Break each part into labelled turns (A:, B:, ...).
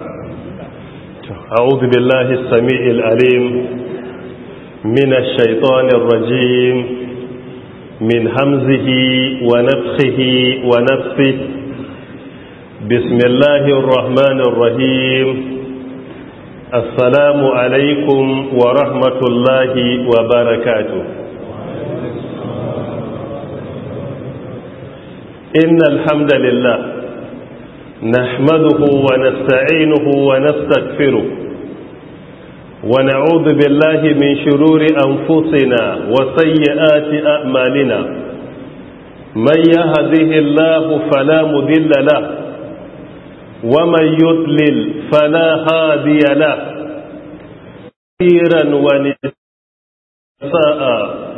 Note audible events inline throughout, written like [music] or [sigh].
A: أعوذ بالله السميع العليم من الشيطان الرجيم من همزه ونفخه ونفسه بسم الله الرحمن الرحيم السلام عليكم ورحمة الله وبركاته إن الحمد لله نحمده ونستعينه ونستغفره ونعوذ بالله من شرور أنفسنا وسيئات أعمالنا من يهده الله فلا مذل له ومن يضلل فلا هادي له كثيرا
B: ونساء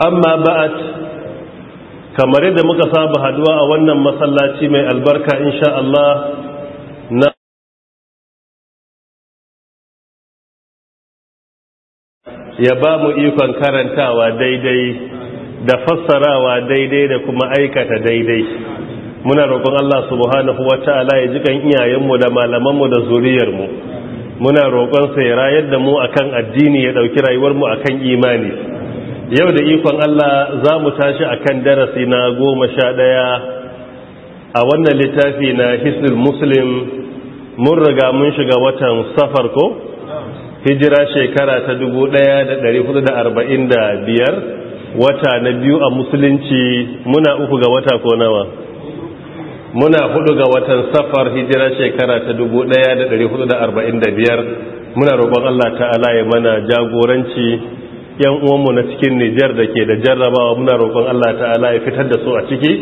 A: amma ba'at kamar yadda muka saba haduwa a wannan masallaci
C: mai albarka insha Allah na ya ba mu ikon karantawa daidai
A: da fassarawa daidai da kuma aikata daidai muna roƙon Allah subhanahu ta'ala ya jikan iyayenmu da malamanmu da zuriyarmu muna roƙon sa ya rayar da mu akan addini ya ɗauki rayuwarmu akan imani yau da ikon Allah za mu tashi a kan darasi na goma sha ɗaya a wannan littafi na hisnil muslim mun riga mun shiga watan safar ko hijira shekara ta biyar, wata na biyu a musulunci muna uku ga wata ko nawa muna hudu ga watan safar hijira shekara ta biyar, muna roƙon Allah ta'ala ya mana jagoranci yan uwanmu na cikin Nijar da ke da jarrabawa muna roƙon Allah ta'ala ya fitar da su a ciki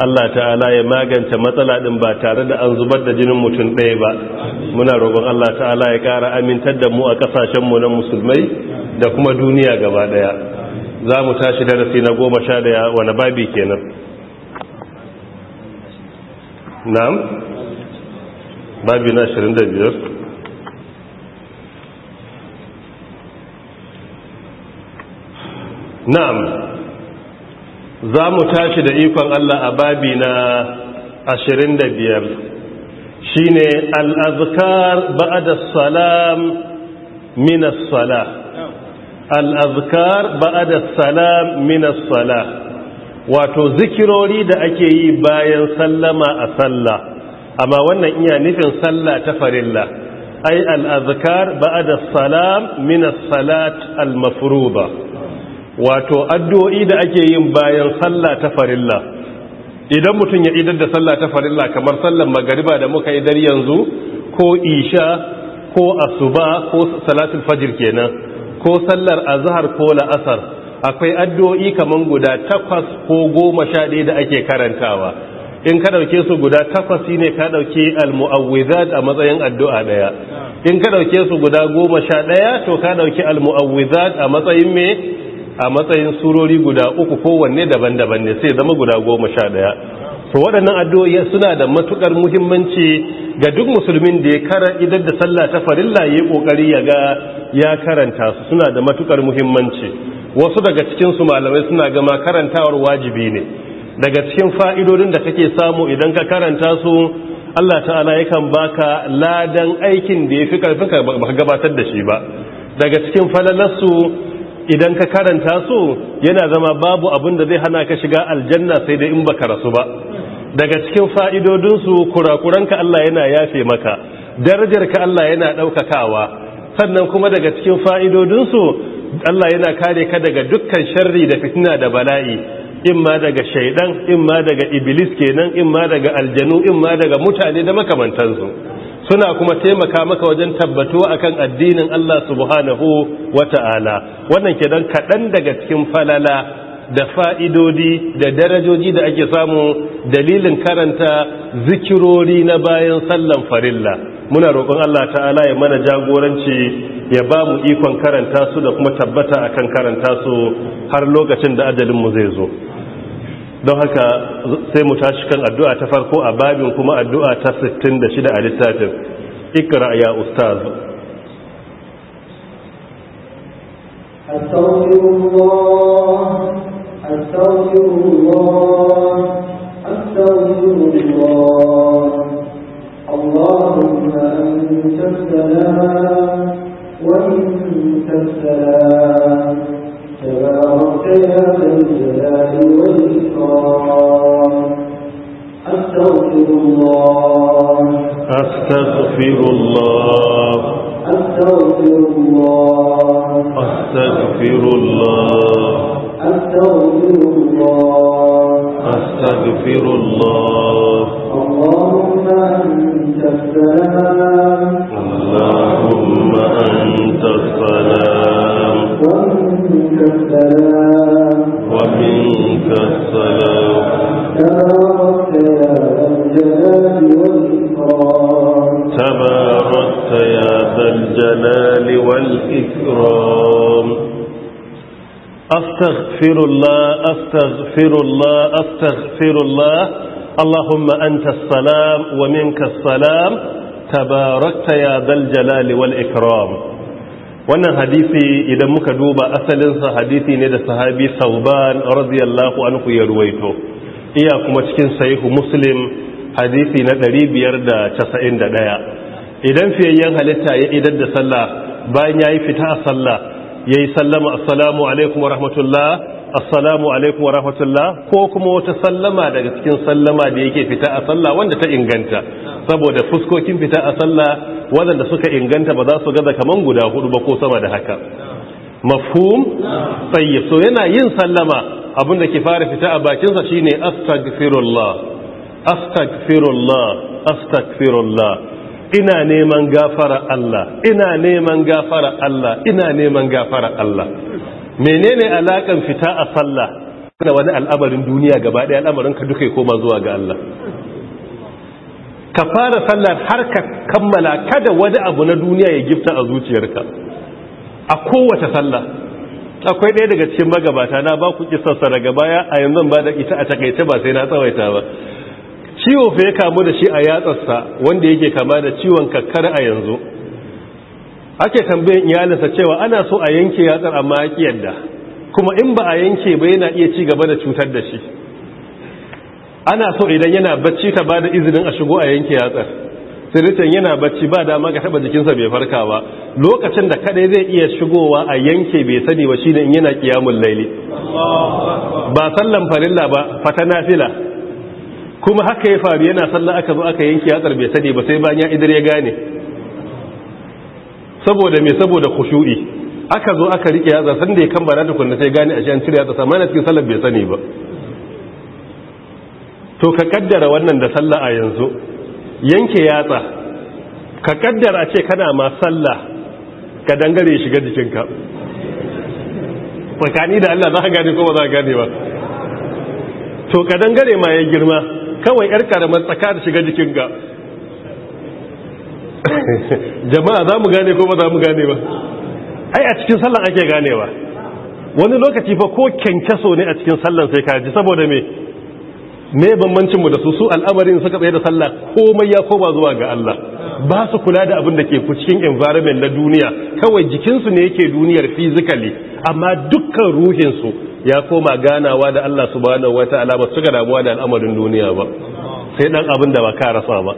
A: Allah ta'ala ya magance matsala din ba tare da an zubar da jinin mutum ɗaya ba muna roƙon Allah ta'ala ya ƙara amintar da mu a ƙasashen mu na musulmai da kuma duniya gaba ɗaya za mu tashi darasi na goma sha wani babi kenan na'am babi na 25 na'am za mu tashi da ikon Allah a babi na 25 shine al-azkar ba'da salam min as-salah al salam Minas as wato zikirori da ake yi bayan sallama a sallah amma wannan iya nufin sallah ta farilla ai al-azkar salam Minas salat al-mafruḍah wato addu'o'i da ake yin bayan sallah ta farilla idan mutum ya idar da sallah ta farilla kamar sallan magariba da muka idar yanzu ko isha ko asuba ko salatul Fajir kenan ko sallar azhar ko la'asar akwai addu'o'i kamar guda takwas ko goma sha ɗaya da ake karantawa in ka ɗauke su guda takwas ne ka ɗauke al-mu'awwizat a matsayin addu'a ɗaya in ka ɗauke su guda goma sha ɗaya to ka ɗauki al-mu'awwizat a matsayin me a matsayin surori guda uku kowanne daban-daban ne sai zama guda goma sha ɗaya to waɗannan addu'o'i suna da matuƙar muhimmanci ga duk musulmin da ya kara idan da sallah ta farilla ya ƙoƙari ya ga ya karanta su suna da matuƙar muhimmanci wasu daga cikinsu malamai suna gama karantawar wajibi ne daga cikin fa'idodin da kake samu idan ka karanta su Allah ta'ala yakan baka ladan aikin da ya fi ƙarfin ka gabatar da shi ba daga cikin falalarsu idan ka karanta su yana zama babu abin da zai hana ka shiga aljanna sai dai in baka rasu ba daga cikin fa'idodinsu kurakuranka Allah yana yafe maka Darajar ka Allah yana ɗaukakawa sannan kuma daga cikin fa'idodinsu Allah yana kare ka daga dukkan sharri da fitina da bala'i In ma daga shaidan ma daga iblis kenan in ma daga aljanu in ma daga mutane da su suna kuma taimaka maka wajen tabbatuwa akan addinin Allah subhanahu wata'ala wannan ke don kaɗan daga cikin falala da fa'idodi da darajoji da ake samu dalilin karanta zikirori na bayan sallan farilla muna roƙon Allah ta'ala ya mana jagoranci ya ba mu ikon karanta su da kuma tabbata akan karanta su har lokacin da mu zai zo don haka sai mu tashi kan addu'a ta farko a babin kuma addu'a ta 66 a littafin ikra ya ustaz
D: astaghfirullah astaghfirullah تبارك يا ذا الجلال والإكرام أستغفر الله
C: أستغفر الله
D: أستغفر الله أستغفر
C: الله
D: أستغفر الله
C: أستغفر الله
D: اللهم أنت السلام اللهم
C: أنت السلام
D: ومنك السلام
C: ومنك السلام
D: تباركت يا ذا الجلال والإكرام
C: تباركت يا ذا الجلال والإكرام أستغفر
A: الله أستغفر الله أستغفر الله اللهم أنت السلام ومنك السلام تباركت يا ذا الجلال والإكرام wannan hadisi idan muka duba asalinsa hadisi ne da sahabi sauban radiyallahu anhu ya ruwaito iya kuma cikin sahihu muslim hadisi na 591 idan fiyayyen halitta ya idar da sallah bayan yayi fita a sallah yayi sallama assalamu alaikum wa rahmatullah assalamu alaikum wa rahmatullah ko kuma wata sallama daga cikin sallama da yake fita a sallah wanda ta inganta saboda fuskokin fita a sallah wanda suka inganta ba za su gaza kaman guda hudu ba ko sama da haka mafhum tayyib so yana yin sallama da ke fara fita a bakin sa shine astaghfirullah astaghfirullah astaghfirullah ina neman gafara Allah ina neman gafara Allah ina neman gafara Allah menene alakan fita a sallah da wani al'amarin duniya gaba ɗaya al'amarin ka duka koma zuwa ga Allah ka fara salla har ka kammala kada wani abu na duniya ya gifta a zuciyarka a kowace sallah akwai ɗaya daga cikin magabata na ba ku kisarsa daga baya a yanzu ba da ita a takaice ba sai na tsawaita ba ciwo fa ya kamu da shi a yatsarsa wanda yake kama da ciwon kakkar a yanzu ake tambayin iyalinsa cewa ana so a yanke yatsar amma ya ki yadda kuma in ba a yanke ba yana iya ci gaba da cutar da shi ana so idan yana bacci ta bada izinin a shigo a yanke yatsar siritan yana bacci ba dama ga taba jikinsa bai farka ba lokacin da kadai zai iya shigowa a yanke bai sani ba shine in yana kiyamun laili ba sallan farilla ba fata nafila kuma haka ya faru yana sallah aka zo aka yanki hatsar bai sani ba sai bayan ya idar ya gane saboda me saboda khushu'i aka zo aka rike hatsar san da ya kambara tukunna sai gane a an cire hatsar sama mana cikin sallah bai sani ba to ka kaddara wannan da sallah a yanzu yanke yatsa ka kaddara ce kana ma sallah ka dangare shiga jikinka tsakani da Allah za ka gane ko ba za ka gane ba to ka dangare ma ya girma kawai yar karamar tsaka da shiga jikin ga
B: [laughs]
A: jama'a za mu gane ko ba za mu gane ba ai a cikin sallan ake ganewa wani lokaci fa ko kyankyaso ne a cikin sallan sai kaji saboda me me bambancin mu da su su al'amarin suka tsaye da sallah komai ya koma zuwa ga Allah ba su kula da abin da ke cikin environment na duniya kawai jikinsu ne yake duniyar physically amma dukkan ruhinsu ya koma ganawa da Allah subhanahu wata'ala ba su ga damuwa da al'amarin duniya ba sai dan abin da ba ka rasa ba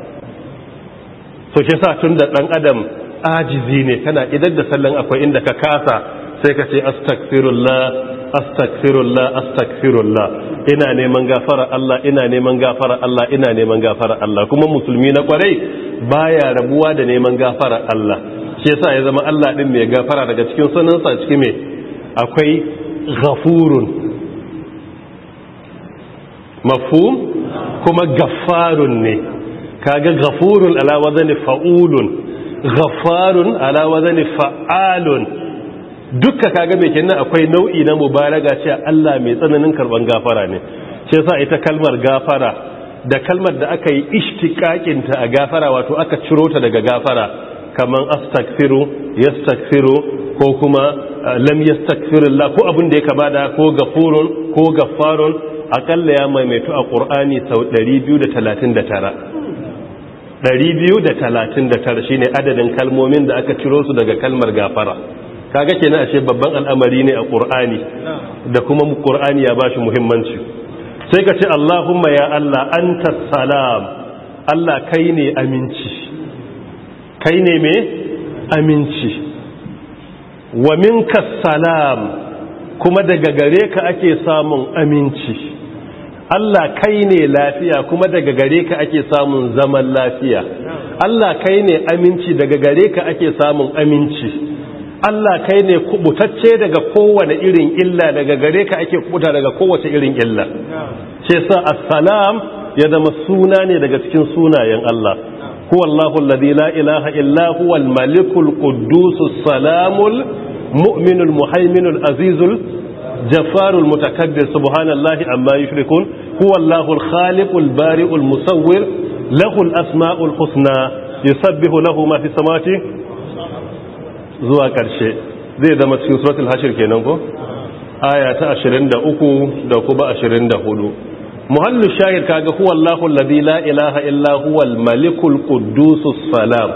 A: so shi sa tun da dan adam ajizi ne kana idar da sallan akwai inda ka kasa sai ka ce astaghfirullah astagfirullah astagfirullah ina neman gafara Allah ina neman gafara Allah ina neman gafara Allah kuma musulmi na kwarai baya rabuwa da neman gafara Allah shi yasa ya zama Allah din mai gafara daga cikin sunansa cikin me akwai ghafurun mafhum kuma gaffarun ne kaga ghafurun ala wazani fa'ulun ghafarun ala wazani fa'alun dukka kaga mai kenan akwai nau'i na mubaraga cewa Allah mai tsananin karban gafara ne shi yasa ita kalmar gafara da kalmar da aka yi ishtiqaqin ta a gafara wato aka ciro ta daga gafara kaman astaghfiru yastaghfiru ko kuma eh, lam yastaghfirullah ko abin da ya kama da ko gafurun ko gaffarun akalla ya maimaitu a Qur'ani sau 239 239 shine adadin kalmomin da aka ciro su daga kalmar gafara kaga kenan ashe babban al'amari ne a qur'ani da kuma qur'ani ya bashi muhimmanci sai ka ce Allahumma ya Allah ta salam Allah kai ne aminci kai ne me aminci wa minka salam kuma daga gare ka ake samun aminci Allah kai ne lafiya kuma daga gare ka ake samun zaman lafiya Allah kai ne aminci daga gare ka ake samun aminci Allah kai ne kubutacce daga kowane irin illa daga gare ka ake kubuta daga kowace irin illa ce sa assalam ya zama suna ne daga cikin sunayen Allah huwa Allahu alladhi la ilaha illa huwal malikul quddusus salamul mu'minul muhaiminul azizul jafarul, mutakabbir subhanallahi amma yushrikun huwallahu Allahu bari'ul musawwir lahu asmaul husna yusabbihu lahu ma fis samawati zuwa ƙarshe zai zama cikin suratul hashir kenan ko aya ta 23 da kuma 24 muhallu shahid kaga huwa Allahu alladhi la ilaha illa huwa al-malikul quddusus salam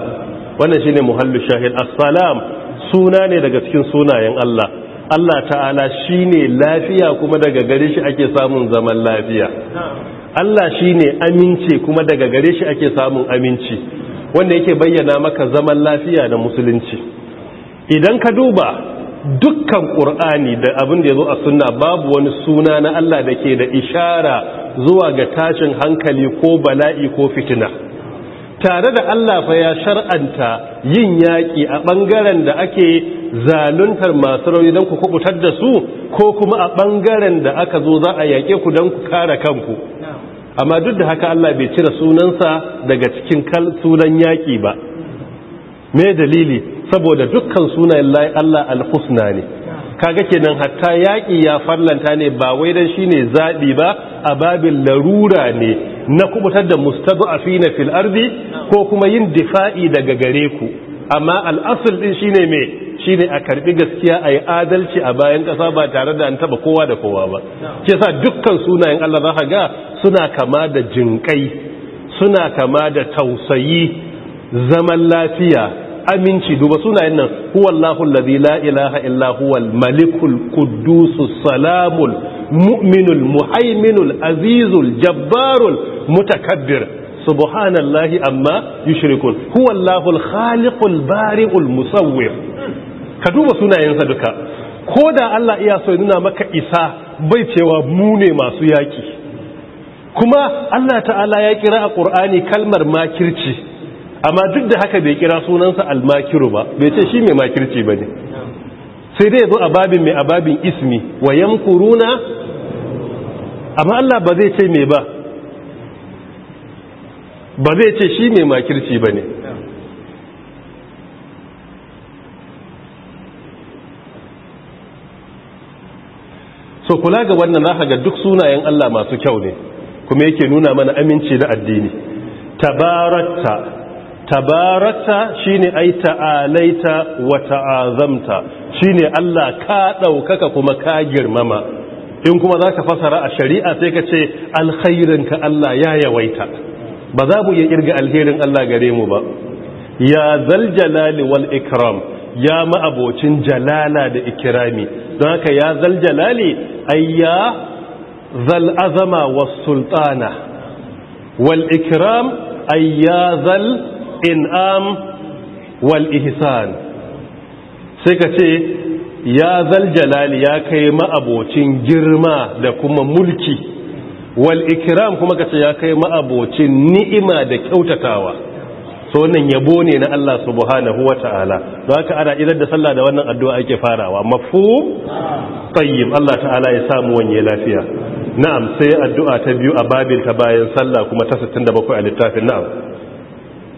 A: wannan shine muhallu shahir as-salam suna ne daga cikin sunayen Allah Allah ta'ala shine lafiya kuma daga gare shi ake samun zaman lafiya Allah shine aminci kuma daga gare shi ake samun aminci wanda yake bayyana maka zaman lafiya da musulunci idan ka duba dukkan ƙur'ani da abin da ya zo a suna babu wani suna na Allah da ke da ishara zuwa ga tashin hankali ko bala'i ko fitina tare da Allah fa ya shar'anta yin yaƙi a ɓangaren da ake zaluntar masu rauni don ku kubutar da su ko kuma a ɓangaren da aka zo za a yaƙe ku don ku kare kanku amma duk da haka Allah bai cire sunansa daga cikin sunan yaƙi ba me dalili saboda dukkan sunayen Allah al-husna ne kaga kenan hatta yaƙi ya farlanta ne ba wai dan shine zabi ba a babin larura ne na kubutar da mustad'afina fil ardi ko kuma yin difa'i daga gare ku amma al-asl din shine me shine a karbi gaskiya ayi adalci a bayan kasa ba tare da an taba kowa da kowa ba Ke sa dukkan sunayen Allah zaka ga suna kama da jinkai suna kama da tausayi zaman lafiya aminci duba sunayen nan huwallahu allazi la ilaha illa huwal malikul quddusus salamul mu'minul muhaiminul azizul jabbarul mutakabbir subhanallahi amma yushrikun huwallahu al-khaliqul bari'ul musawwir ka duba sunayensa duka ko da Allah iya so nuna maka isa bai cewa mu ne masu yaki kuma Allah ta'ala ya kira a Qur'ani kalmar makirci amma duk da haka bai kira sunansa almakiru ba bai ce shi mai makirci ba ne sai dai zo a babin mai ababin ismi wa yankuruna? amma Allah ba zai ce mai ba ba zai ce shi mai makirci ba ne so kula ga wannan za ga duk sunayen Allah masu kyau ne kuma yake nuna mana aminci da addini tabaratta Tabarata shine ai ta'alaita wa ta'azamta shine Allah ka daukaka kuma ka girmama in kuma zaka fasara a shari'a sai ka ce alkhairin ka Allah ya yawaita ba za mu iya kirga alherin Allah gare mu ba ya zal jalali wal ikram ya ma'abocin jalala da ikrami don haka ya zal jalali ayya zal azama was sultana wal ikram ayya zal in'am wal ihsan sai ka ce ya zal jalali ya kai ma'abocin girma da kuma mulki wal ikram kuma ka ce ya kai ma'abocin ni'ima da kyautatawa so wannan yabo ne na Allah subhanahu wa ta'ala don haka ana idan da sallah da wannan addu'a ake farawa mafu tayyib Allah ta'ala ya samu wanye lafiya na'am sai addu'a ta biyu a babin ta bayan sallah kuma ta 67 a littafin na'am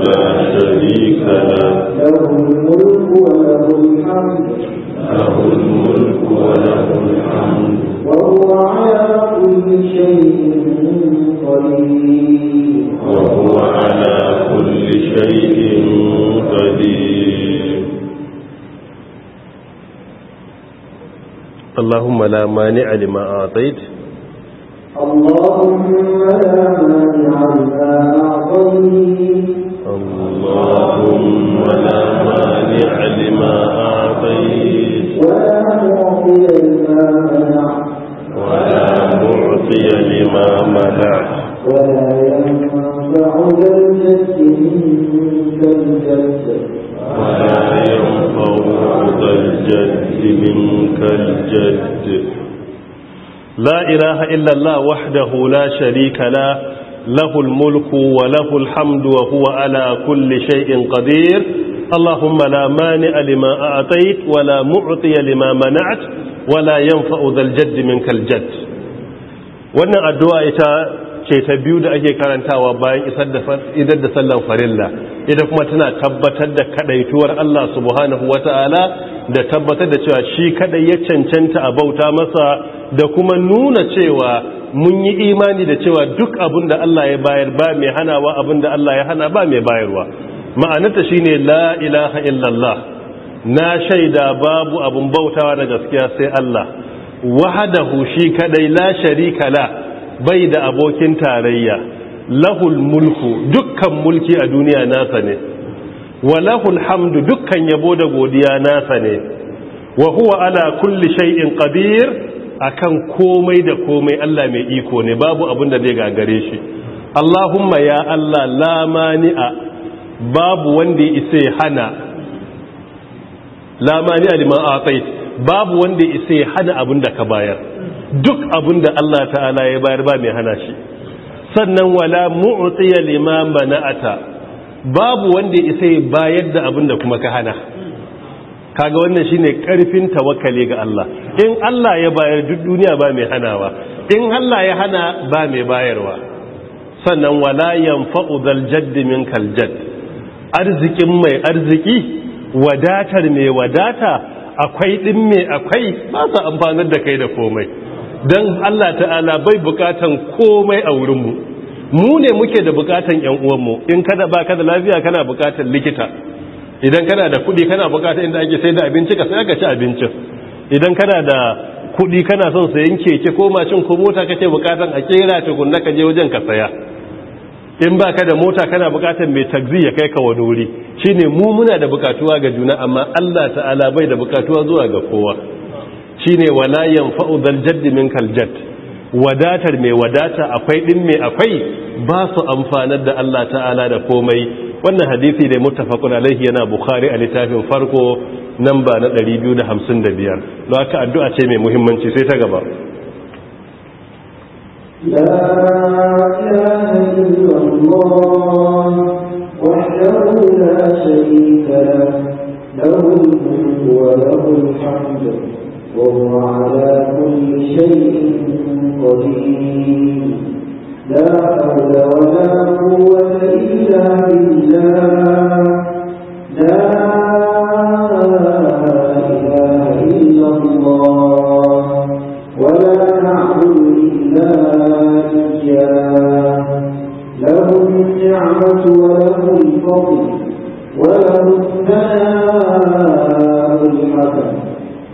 C: لا شريك له
D: له الملك وله الحمد وهو على كل شيء قدير وهو على كل
C: شيء قدير
A: اللهم لا مانع لما أعطيت
D: اللهم لا مانع لما أعطيت
C: اللهم لا مانع لما أعطيت ولا
D: معطي لما منعت ولا
C: معطي لما منعت
D: ولا ينفع ذا منك الجد ولا ينفع
C: ذا
A: منك الجد لا إله إلا الله وحده لا شريك له له الملك وله الحمد وهو على كل شيء قدير اللهم لا مانع لما أعطيت ولا معطي لما منعت ولا ينفع ذا الجد منك الجد وأن addu'a ce ta biyu da ake karantawa bayan idar da sallan farilla Idan kuma tana tabbatar da kadaituwar Allah subhanahu ta'ala da tabbatar da cewa shi kadai ya cancanta a bauta masa da kuma nuna cewa mun yi imani da cewa duk abin da Allah ya bayar ba mai hanawa abin da Allah ya hana ba mai bayarwa ma'anarta shine la ilaha illallah na shaida babu abin bautawa da gaskiya sai Allah wahadahu shi kadai la sharika la bai da abokin tarayya lahul mulku dukkan mulki a duniya nasa ne wa lahul hamdu dukkan yabo da godiya nasa ne wa huwa ala kulli shay'in qadir akan komai da komai Allah mai iko ne babu abin da zai gagare shi Allahumma ya Allah la mani'a babu wanda ya isa hana la mani'a liman atait babu wanda ya isa hana abin da ka bayar duk abin da Allah ta'ala ya bayar ba mai hana shi sannan wala mu'tiya liman mana'ata babu wanda isa ya bayar da abin da kuma ka hana kaga wannan shine karfin tawakkali ga Allah in Allah ya bayar duk duniya ba mai hanawa in Allah ya hana ba mai bayarwa sannan wala yanfa'u dal jadd minkal jadd arzikin mai arziki wadatar mai wadata akwai din mai akwai ba sa amfanar da kai da komai don Allah ta'ala bai bukatan komai a wurinmu mu ne muke da bukatan yan uwanmu in kada ba kada lafiya kana bukatan likita idan kana da kudi kana bukatan inda ake sai da abinci ka sai ka ci abincin idan kana da kudi kana son sayan keke ko mashin ko mota kake bukatan a kera tukunna ka je wajen ka saya in ba ka da mota kana bukatan mai tagzi ya kai ka wani wuri shine mu muna da bukatuwa ga juna amma Allah ta'ala bai da bukatuwa zuwa ga kowa shine ne walayen fa’udar jaddi min kaljad wadatar mai wadata akwai ɗin mai akwai ba su amfanar da Allah ta'ala da komai wannan hadisi da muttafaqun alaihi yana bukari a littafin farko nan ba na ɗari biyu da hamsin 255 biyar, aka addu'a ce mai muhimmanci sai ta gaba
D: له وله الحمد وهو على كل شيء قدير لا حول ولا قوة إلا بالله لا إله إلا الله ولا نعبد إلا إياه له النعمة وله الفضل وله الثناء الحسن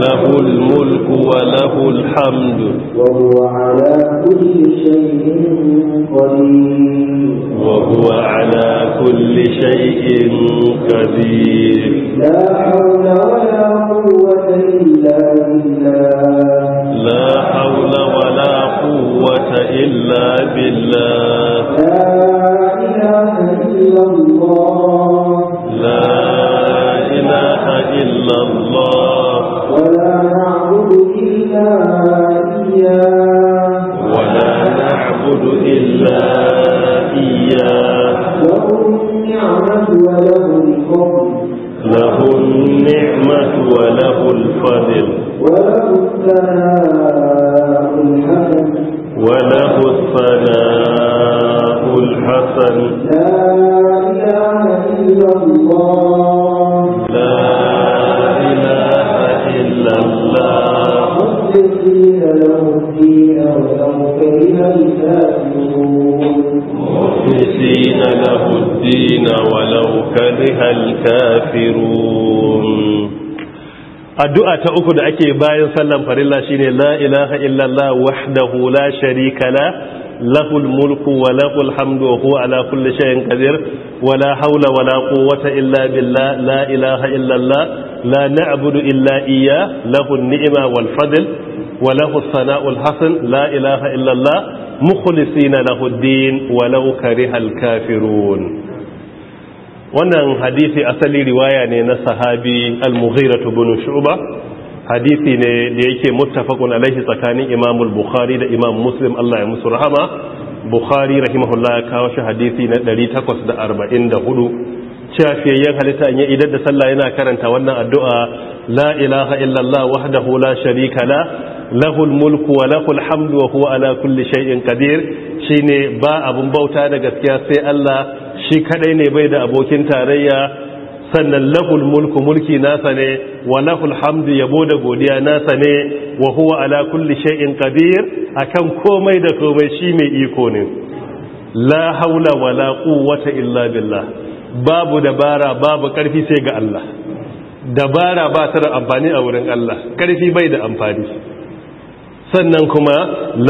C: له الملك وله الحمد وهو على
D: كل شيء قدير وهو على كل
C: شيء قدير
D: لا حول ولا قوة
C: إلا بالله لا حول ولا قوة إلا بالله لا إله إلا الله لا إله إلا الله
D: ولا نعبد إلا إياه ولا
C: نعبد إلا إياه له النعمة
D: وله الفضل
C: له النعمة وله الفضل وله
D: الثناء الحسن وله
C: الثناء الحسن لا
D: إله إلا الله له
C: الدين
A: ولو كره الكافرون addu'a ta uku da ake bayan sallan farilla shine la ilaha illallah wahdahu la sharika la lahul mulku wa lahul hamdu wa huwa ala kulli shay'in qadir wa la hawla wa la quwwata illa hasan la ilaha illa Allah mukhlisina lahu ad-din wannan hadisi asali riwaya ne na sahabi al-mughirah ibn hadisi ne da yake muttafaqun alaihi tsakanin imamul bukhari da imam muslim Allah ya musu rahama bukhari rahimahullah ya kawo shi hadisi na 844 cewa yan halitta an yi idan da sallah yana karanta wannan addu'a la ilaha illallah wahdahu la sharika la lahul mulku wa lahul hamdu wa huwa ala kulli shay'in qadir shine ba abun bauta da gaskiya sai Allah shi kadai ne bai da abokin tarayya sannan lahul mulku mulki nasa ne wa lahul hamdu yabo da godiya nasa ne wa huwa ala kulli shay'in qadir akan komai da komai shi mai iko ne la haula wala quwwata illa billah babu dabara babu karfi sai ga Allah dabara ba ta da amfani a wurin Allah karfi bai da amfani sannan kuma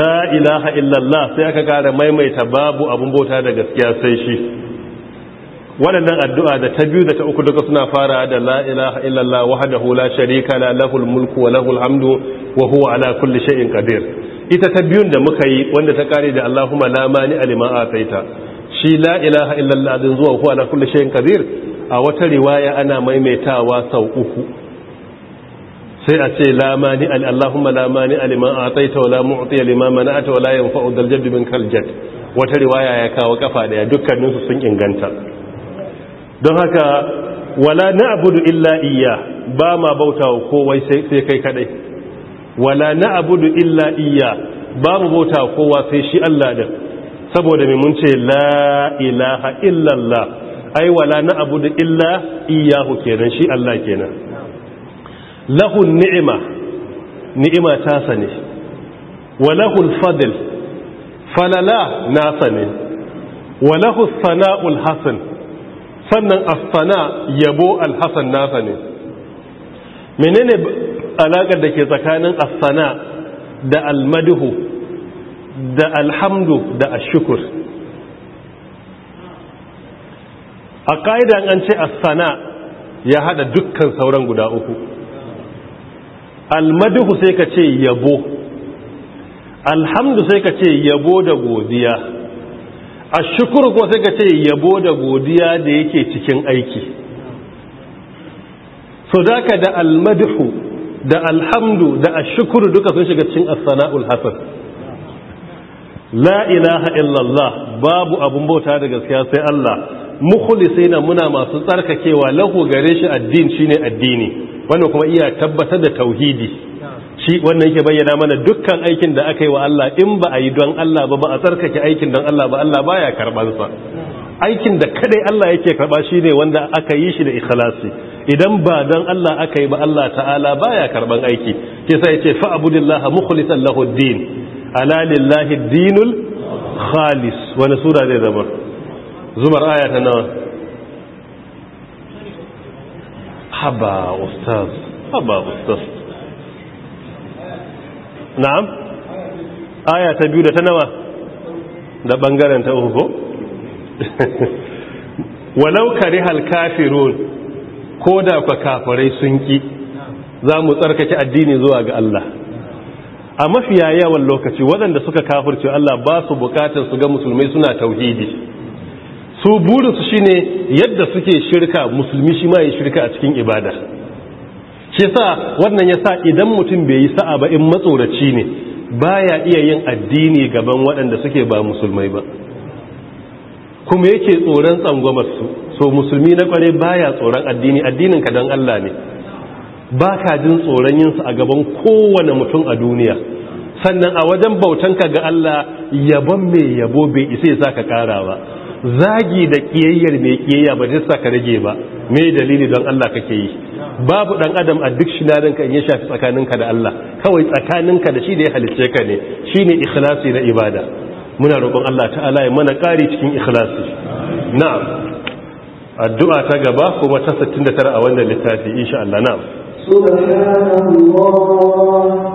A: la ilaha illallah sai aka kara maimaita babu abun bauta da gaskiya sai shi waɗannan addu'a da ta biyu da ta uku duka suna fara da la ilaha illallah wahdahu la sharika la lahul mulku wa lahul hamdu wa huwa ala kulli shay'in qadir ita ta biyun da muka yi wanda ta kare da Allahumma la mani a ataita shi la ilaha illallah din zuwa huwa ala kulli shay'in qadir a wata riwaya ana maimaitawa sau uku sai a ce la mani al Allahumma la mani alima ataita wa la mu'ti lima mana mana'ata wa la yanfa'u dal jadd min kal jadd wata riwaya ya kawo kafa daya dukkaninsu sun inganta don haka wala na'budu illa iya ba ma bautawa kowai sai kai kadai wala na'budu illa iya ba mu bautawa kowa sai shi Allah din saboda mai mun ce la ilaha illallah ai wala na'budu illa iyahu kenan shi Allah kenan lahu ni'ima ni'ima ta sane Walahul lahu fadl falala na sane wa sanaul hasan sannan asana yabo alhassan nasa ne menene alaƙar da ke tsakanin afana da almadihu da alhamdu da ashukur a ƙa'idan an ce asana ya haɗa dukkan sauran guda uku almadihu sai ka ce yabo alhamdu sai ka ce yabo da godiya a shukuru ko sai ka ce yabo da godiya da yake cikin aiki so daka da almadhu da alhamdu da shukuru duka sun shiga cikin as-sana'ul hasan la ilaha illallah babu abun bauta da gaskiya sai Allah mukhlisina muna masu tsarkakewa lahu gare shi addini shine addini wannan kuma iya tabbatar da tauhidi shi wannan yake bayyana mana dukkan aikin da aka yi wa Allah in ba a yi don Allah ba ba a tsarkake aikin don Allah ba Allah ba ya karbansa aikin da kadai Allah yake karba ne wanda aka yi shi da ikhlasi idan ba don Allah aka yi ba Allah ta'ala ba ya karban aiki ke sai yace fa abudillaha mukhlishan lahu ddin din ala lillahi ddinul khalis wani sura ne zama zumar aya ta nawa haba ustaz haba ustaz na'am aya ta biyu da ta nawa da bangaren ta uku [laughs] walau karihal kafirun ko da kwa kafirai sun ki za mu tsarkake addini zuwa ga Allah a mafiya yawan lokaci waɗanda suka kafirce Allah ba su bukatar su ga musulmai suna tauhidi su burinsu shine yadda suke shirka musulmi shi ma yi shirka a cikin ibada shi sa wannan ya sa idan mutum bai yi sa'a ba in matsoraci ne baya iya yin addini gaban waɗanda suke ba musulmai ba kuma yake tsoron tsangwamarsu so musulmi na kware baya tsoron addini addinin ka don Allah ne ba ka jin tsoron yinsu a gaban kowane mutum a duniya sannan a wajen bautanka ga Allah yabon mai yabo bai isa ya sa ka ƙara ba zagi da kiyayyar mai kiyayya ba jinsa ka rage ba mai dalili don Allah ka ke yi babu ɗan adam a duk shinarin ka in ya shafi tsakaninka da Allah kawai tsakaninka da shi da ya halicce ka ne Shi ne ikhlasi na ibada muna roƙon Allah ta'ala ya mana ƙari cikin ikhlasi na'am addu'a ta gaba kuma ta 69 a wannan littafi insha Allah na'am
D: subhanallah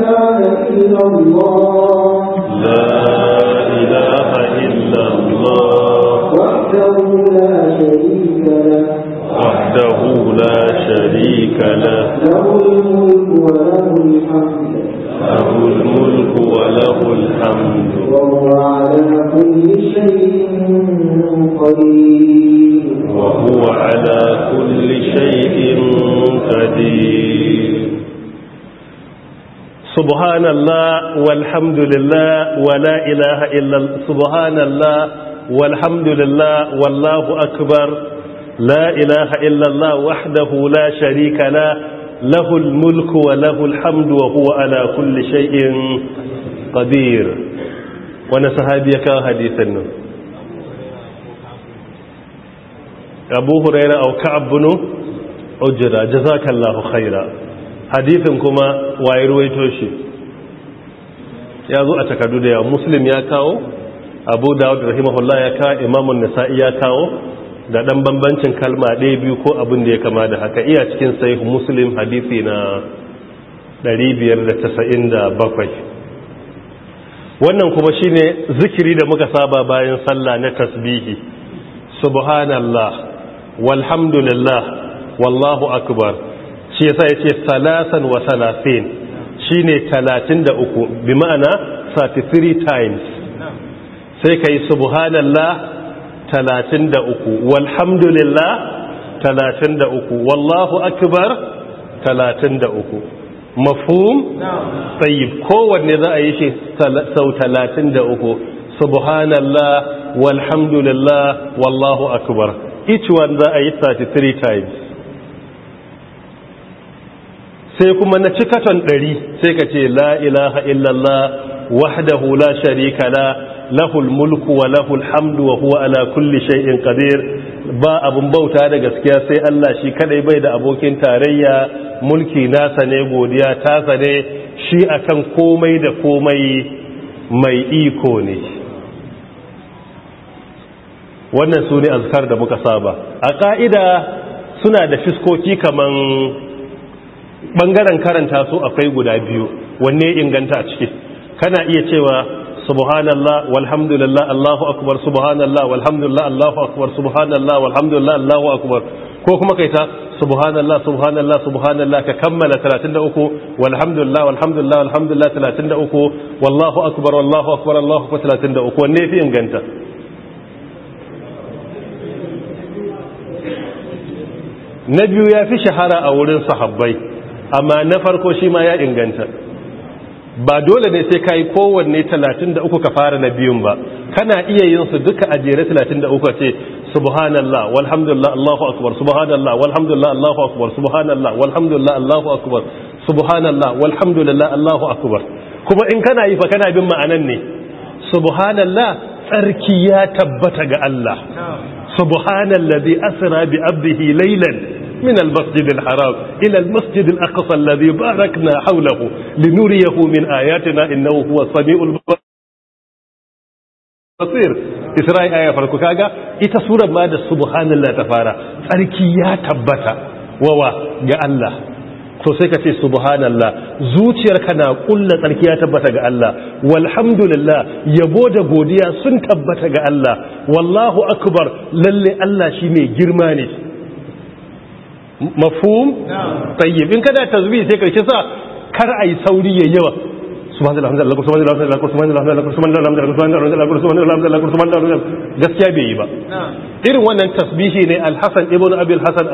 D: لا إله
C: إلا الله
D: وحده لا
C: شريك له
D: له الملك
C: وله الحمد
D: وهو على كل شيء
A: قدير subhanallah walhamdulillah wala ilaha illallah subhanallah walhamdulillah wallahu akbar la ilaha illallah wahdahu la sharika la lahul mulku wa lahul hamdu wa huwa ala kulli shay'in qadir wani sahabi ya kawo hadisin nan abu huraira au ka'ab bin ujra jazakallahu khaira hadithin kuma waye ruwaito shi ya zo a takardu da yawa muslim ya kawo abu dawud rahimahullah ya kawo imamun nasa'i ya kawo da ɗan bambancin kalma ɗaya biyu ko abin da ya kama da haka iya cikin sai muslim hadithi na 597 wannan kuma shi ne zikiri da muka saba bayan sallah na tasbihi subhanallah walhamdulillah wallahu akbar shi yasa ce salasan wa talatin shine uku, bi ma'ana 33 times sai yi subhanallah talatin da uku walhamdulillah talatin da uku wallahu akbar uku. mafum tayyib kowanne za a yi shi sau talatin da uku subhanallah walhamdulillah wallahu akbar each one za a yi 33 times sai kuma na ci katon ɗari sai ka ce la ilaha illallah wahdahu la sharika la lahul mulku wa lahul hamdu wa huwa ala kulli shay'in qadir ba abun bauta da gaskiya sai Allah shi kadai bai da abokin tarayya mulki nasa ne godiya ta sane shi akan komai da komai mai iko ne wannan sune askar azkar da muka saba a ka'ida suna da fiskoki kaman bangaren karanta su akwai guda biyu wanne inganta a ciki kana iya cewa subhanallah walhamdulillah Allahu akbar subhanallah walhamdulillah Allahu akbar subhanallah walhamdulillah Allahu akbar ko kuma kai ta subhanallah subhanallah subhanallah ka kammala 33 walhamdulillah walhamdulillah walhamdulillah 33 wallahu akbar wallahu akbar Allahu akbar 33 wanne fi inganta na biyu ya fi shahara a wurin sahabbai amma na farko shi ma ya inganta ba dole ne sai kai kowanne 33 ka fara na biyun ba kana iya yin su duka a jere 33 ce subhanallah walhamdulillah Allahu akbar subhanallah walhamdulillah Allahu akbar subhanallah walhamdulillah Allahu akbar subhanallah walhamdulillah Allahu akbar kuma in kana yi fa kana bin ma'anan ne subhanallah tsarki ya tabbata ga Allah subhanallazi asra bi abdihi laylan من المسجد الحرام إلى المسجد الأقصى الذي باركنا حوله لنريه من آياتنا إنه هو السميع البصير إسرائيل آية فرقك أجا إتصور ماذا سبحان الله تفارى أركيا تبتا ووا يا الله to sai ka ce subhanallah zuciyarka na kulla tsarki ya tabbata ga Allah walhamdulillah yabo da godiya sun tabbata ga Allah wallahu akbar lalle Allah shi ne girma ne mafhum tayyib in kada tasbih sai karshe sa kar ai sauri yayi yawa alhamdulillah alhamdulillah alhamdulillah alhamdulillah alhamdulillah gaskiya bai yi ba irin wannan tasbihi ne Alhassan Ibnu ibn Abi al-Hasan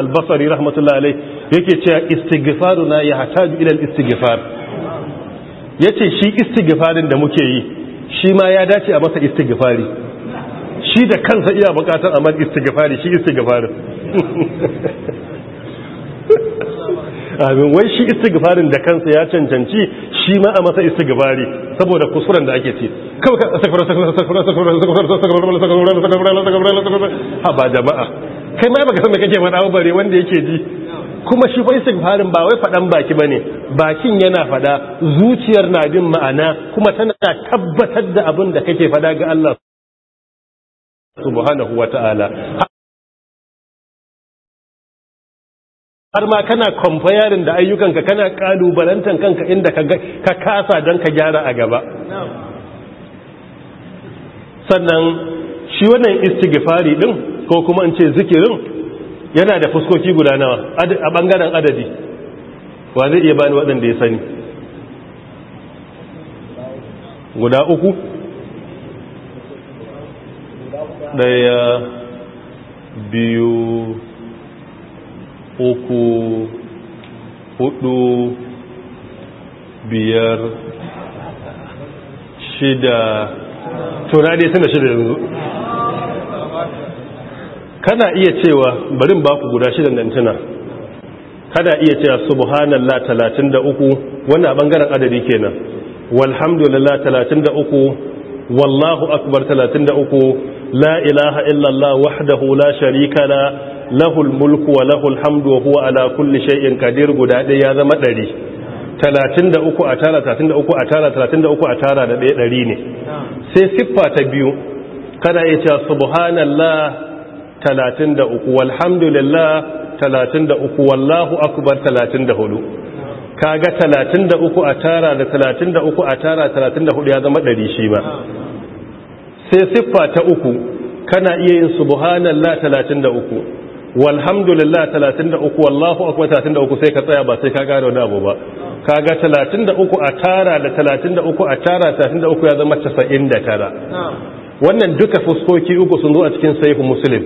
A: rahmatullahi alayh yake cewa istighfaruna yahtaju ila ilal istighfar yace shi istighfarin da muke yi shi ma ya dace a masa istighfari shi da kansa iya bukatar masa istighfari shi istighfarin [laughs] Abin [laughs] wai shi istighfarin da kansa ya cancanci shi ma a masa istighfari saboda kusuran da ake ce kawai ka haba jama'a kai ma baka san me kake faɗa bare wanda yake ji kuma shi fa istighfarin ba wai faɗan baki bane bakin yana faɗa zuciyar na bin ma'ana kuma tana tabbatar da abin da kake faɗa ga Allah subhanahu wataala har ma kana kwamfayarin da ayyukanka kana kalubalantar kanka inda ka kasa don ka gyara a gaba sannan shi wannan istigifari din ko kuma in ce zikirin yana da fuskoki guda nawa a bangaren adadi wa zai iya bani waɗanda ya sani guda uku
C: ɗaya biyu
A: uku hudu biyar shida tura dai suna shida yanzu kana iya cewa barin baku guda shidan nan tuna kada iya cewa subhanallah uku wannan a bangaren adadi kenan walhamdulillah talatin da uku. wallahu akbar 33 la ilaha illallah wahdahu la sharika la lahul mulku wa lahul hamdu wa huwa ala kulli shay'in qadir guda ɗaya ya zama 100 33 a tara 33 a tara 33 a tara da ɗaya 100 ne sai siffa ta biyu kana iya cewa subhanallah 33 walhamdulillah 33 wallahu akbar 34 kaga 33 a tara da 33 a tara 34 ya zama 100 shi ba sai siffa ta uku kana iya yin subhanallah 33 walhamdulillah 33 wallahu akbar 33 sai ka tsaya ba sai ka gane wani abu ba kaga 33 a tara da 33 a tara 33 ya zama 99 wannan duka fuskoki uku sun zo a cikin sahihu muslim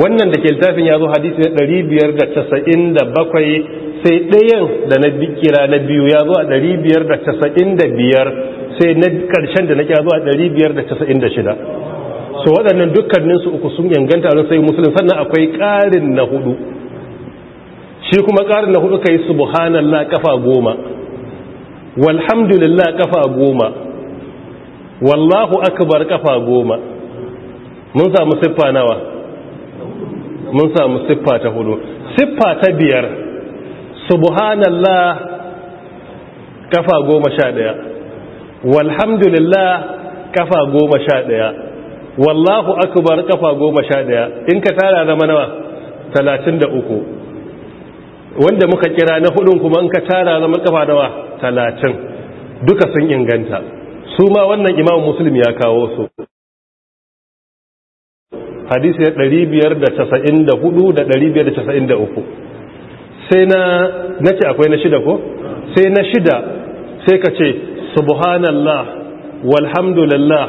A: wannan da ke littafin ya zo hadisi na ɗari biyar da casa'in da bakwai sai ɗayan da na kira na biyu ya zo a ɗari biyar da casa'in da biyar sai na ƙarshen da na kira zo a ɗari biyar da casa'in da shida so waɗannan dukkaninsu uku sun yanganta a sai musulun sannan akwai ƙarin na hudu shi kuma ƙarin na hudu ka yi subhanallah ƙafa goma walhamdulillah ƙafa goma wallahu akbar ƙafa goma mun samu siffa nawa mun samu siffa ta hudu siffa ta biyar subhanallah kafa goma sha daya walhamdulillah kafa goma sha daya wallahu akubar kafa goma sha daya in ka tara zama nawa talatin da uku wanda muka kira na hudun kuma in ka tara zama kafa nawa talatin duka sun inganta su ma wannan imam musulmi ya kawo su hadisi na 594 da 593 sai na nace akwai na shida ko sai na shida sai ka ce subhanallah walhamdulillah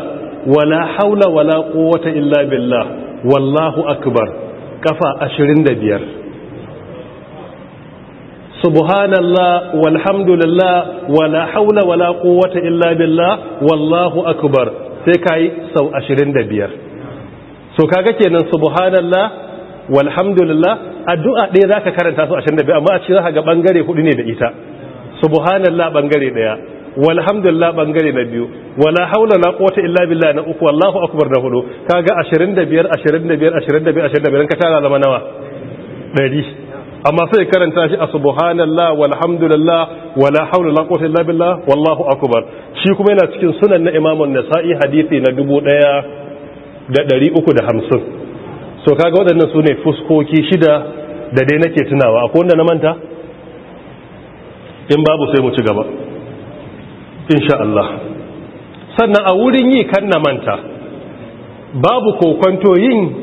A: wala haula wala quwwata illa billah wallahu akbar kafa 25 subhanallah walhamdulillah wala haula wala quwwata illa billah wallahu akbar sai kai sau 25 To kaga kenan subhanallah walhamdulillah addu'a ɗaya zaka karanta su 22 amma a cikin zaka ga bangare hudu ne da ita subhanallah bangare daya walhamdulillah bangare na biyu wala haula la quwwata illa billah na uku wallahu akbar na hudu kaga 25 25 25 25 ka tara zama nawa 100 amma sai karanta shi a subhanallah walhamdulillah wala haula la quwwata illa billah wallahu akbar shi kuma yana cikin sunan na Imam an-Nasa'i hadisi na 1000 da ɗari uku da hamsin so kaga waɗannan su ne fuskoki shida da dai nake tunawa akwai wanda na manta in babu sai mu ci gaba insha Allah sannan a wurin yi kan na manta babu kokwanto yin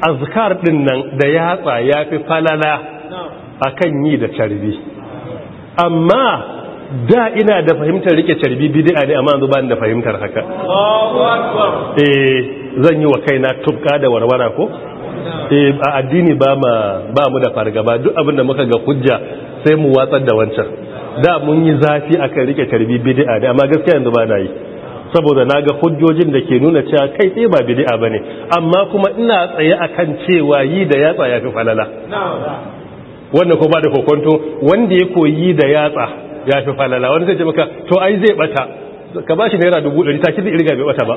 A: azkar ɗin nan da yatsa ya fi falala a kan yi da carbi amma da ina da fahimtar rike carbi bidi'a ne amma yanzu da fahimtar haka eh zan yi wa kaina tufka da warwara ko eh, a addini ba mu da fargaba duk abinda muka ga hujja sai mu watsar da wancan da mun yi zafi akan rike tarbi bid'a da amma gaskiya yanzu ba na yi saboda na ga hujjojin da ke nuna cewa kai sai ba bid'a bane amma kuma ina tsaye akan cewa yi da yatsa ya fi falala wannan ko ba da kokonto wanda ya koyi da yatsa ya fi falala wanda zai ce maka to ai zai bata ka bashi naira dubu ɗari ta kiɗi irga bai bata ba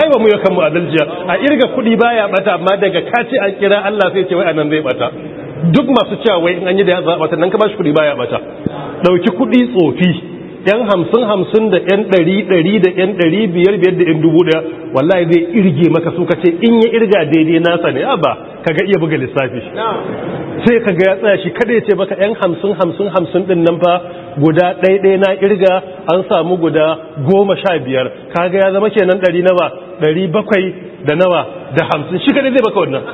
A: sai ba mu yi kanmu adalciya a irga kuɗi baya bata amma daga kaci an kira Allah sai ce wai anan zai bata duk masu cewa wai in an yi da ya zaɓa nan ka bashi kuɗi baya bata ɗauki kuɗi tsofi yan hamsin hamsin da yan ɗari ɗari da yan ɗari biyar biyar da yan dubu ɗaya wallahi zai irge maka su kace in ya irga daidai nasa ne ba kaga iya buga lissafi sai kaga ya tsaya shi kada ya ce maka yan hamsin hamsin hamsin din nan fa guda ɗaiɗai na irga an samu guda goma sha biyar kaga ya zama kenan ɗari nawa ɗari bakwai da nawa da hamsin shi kada zai baka wannan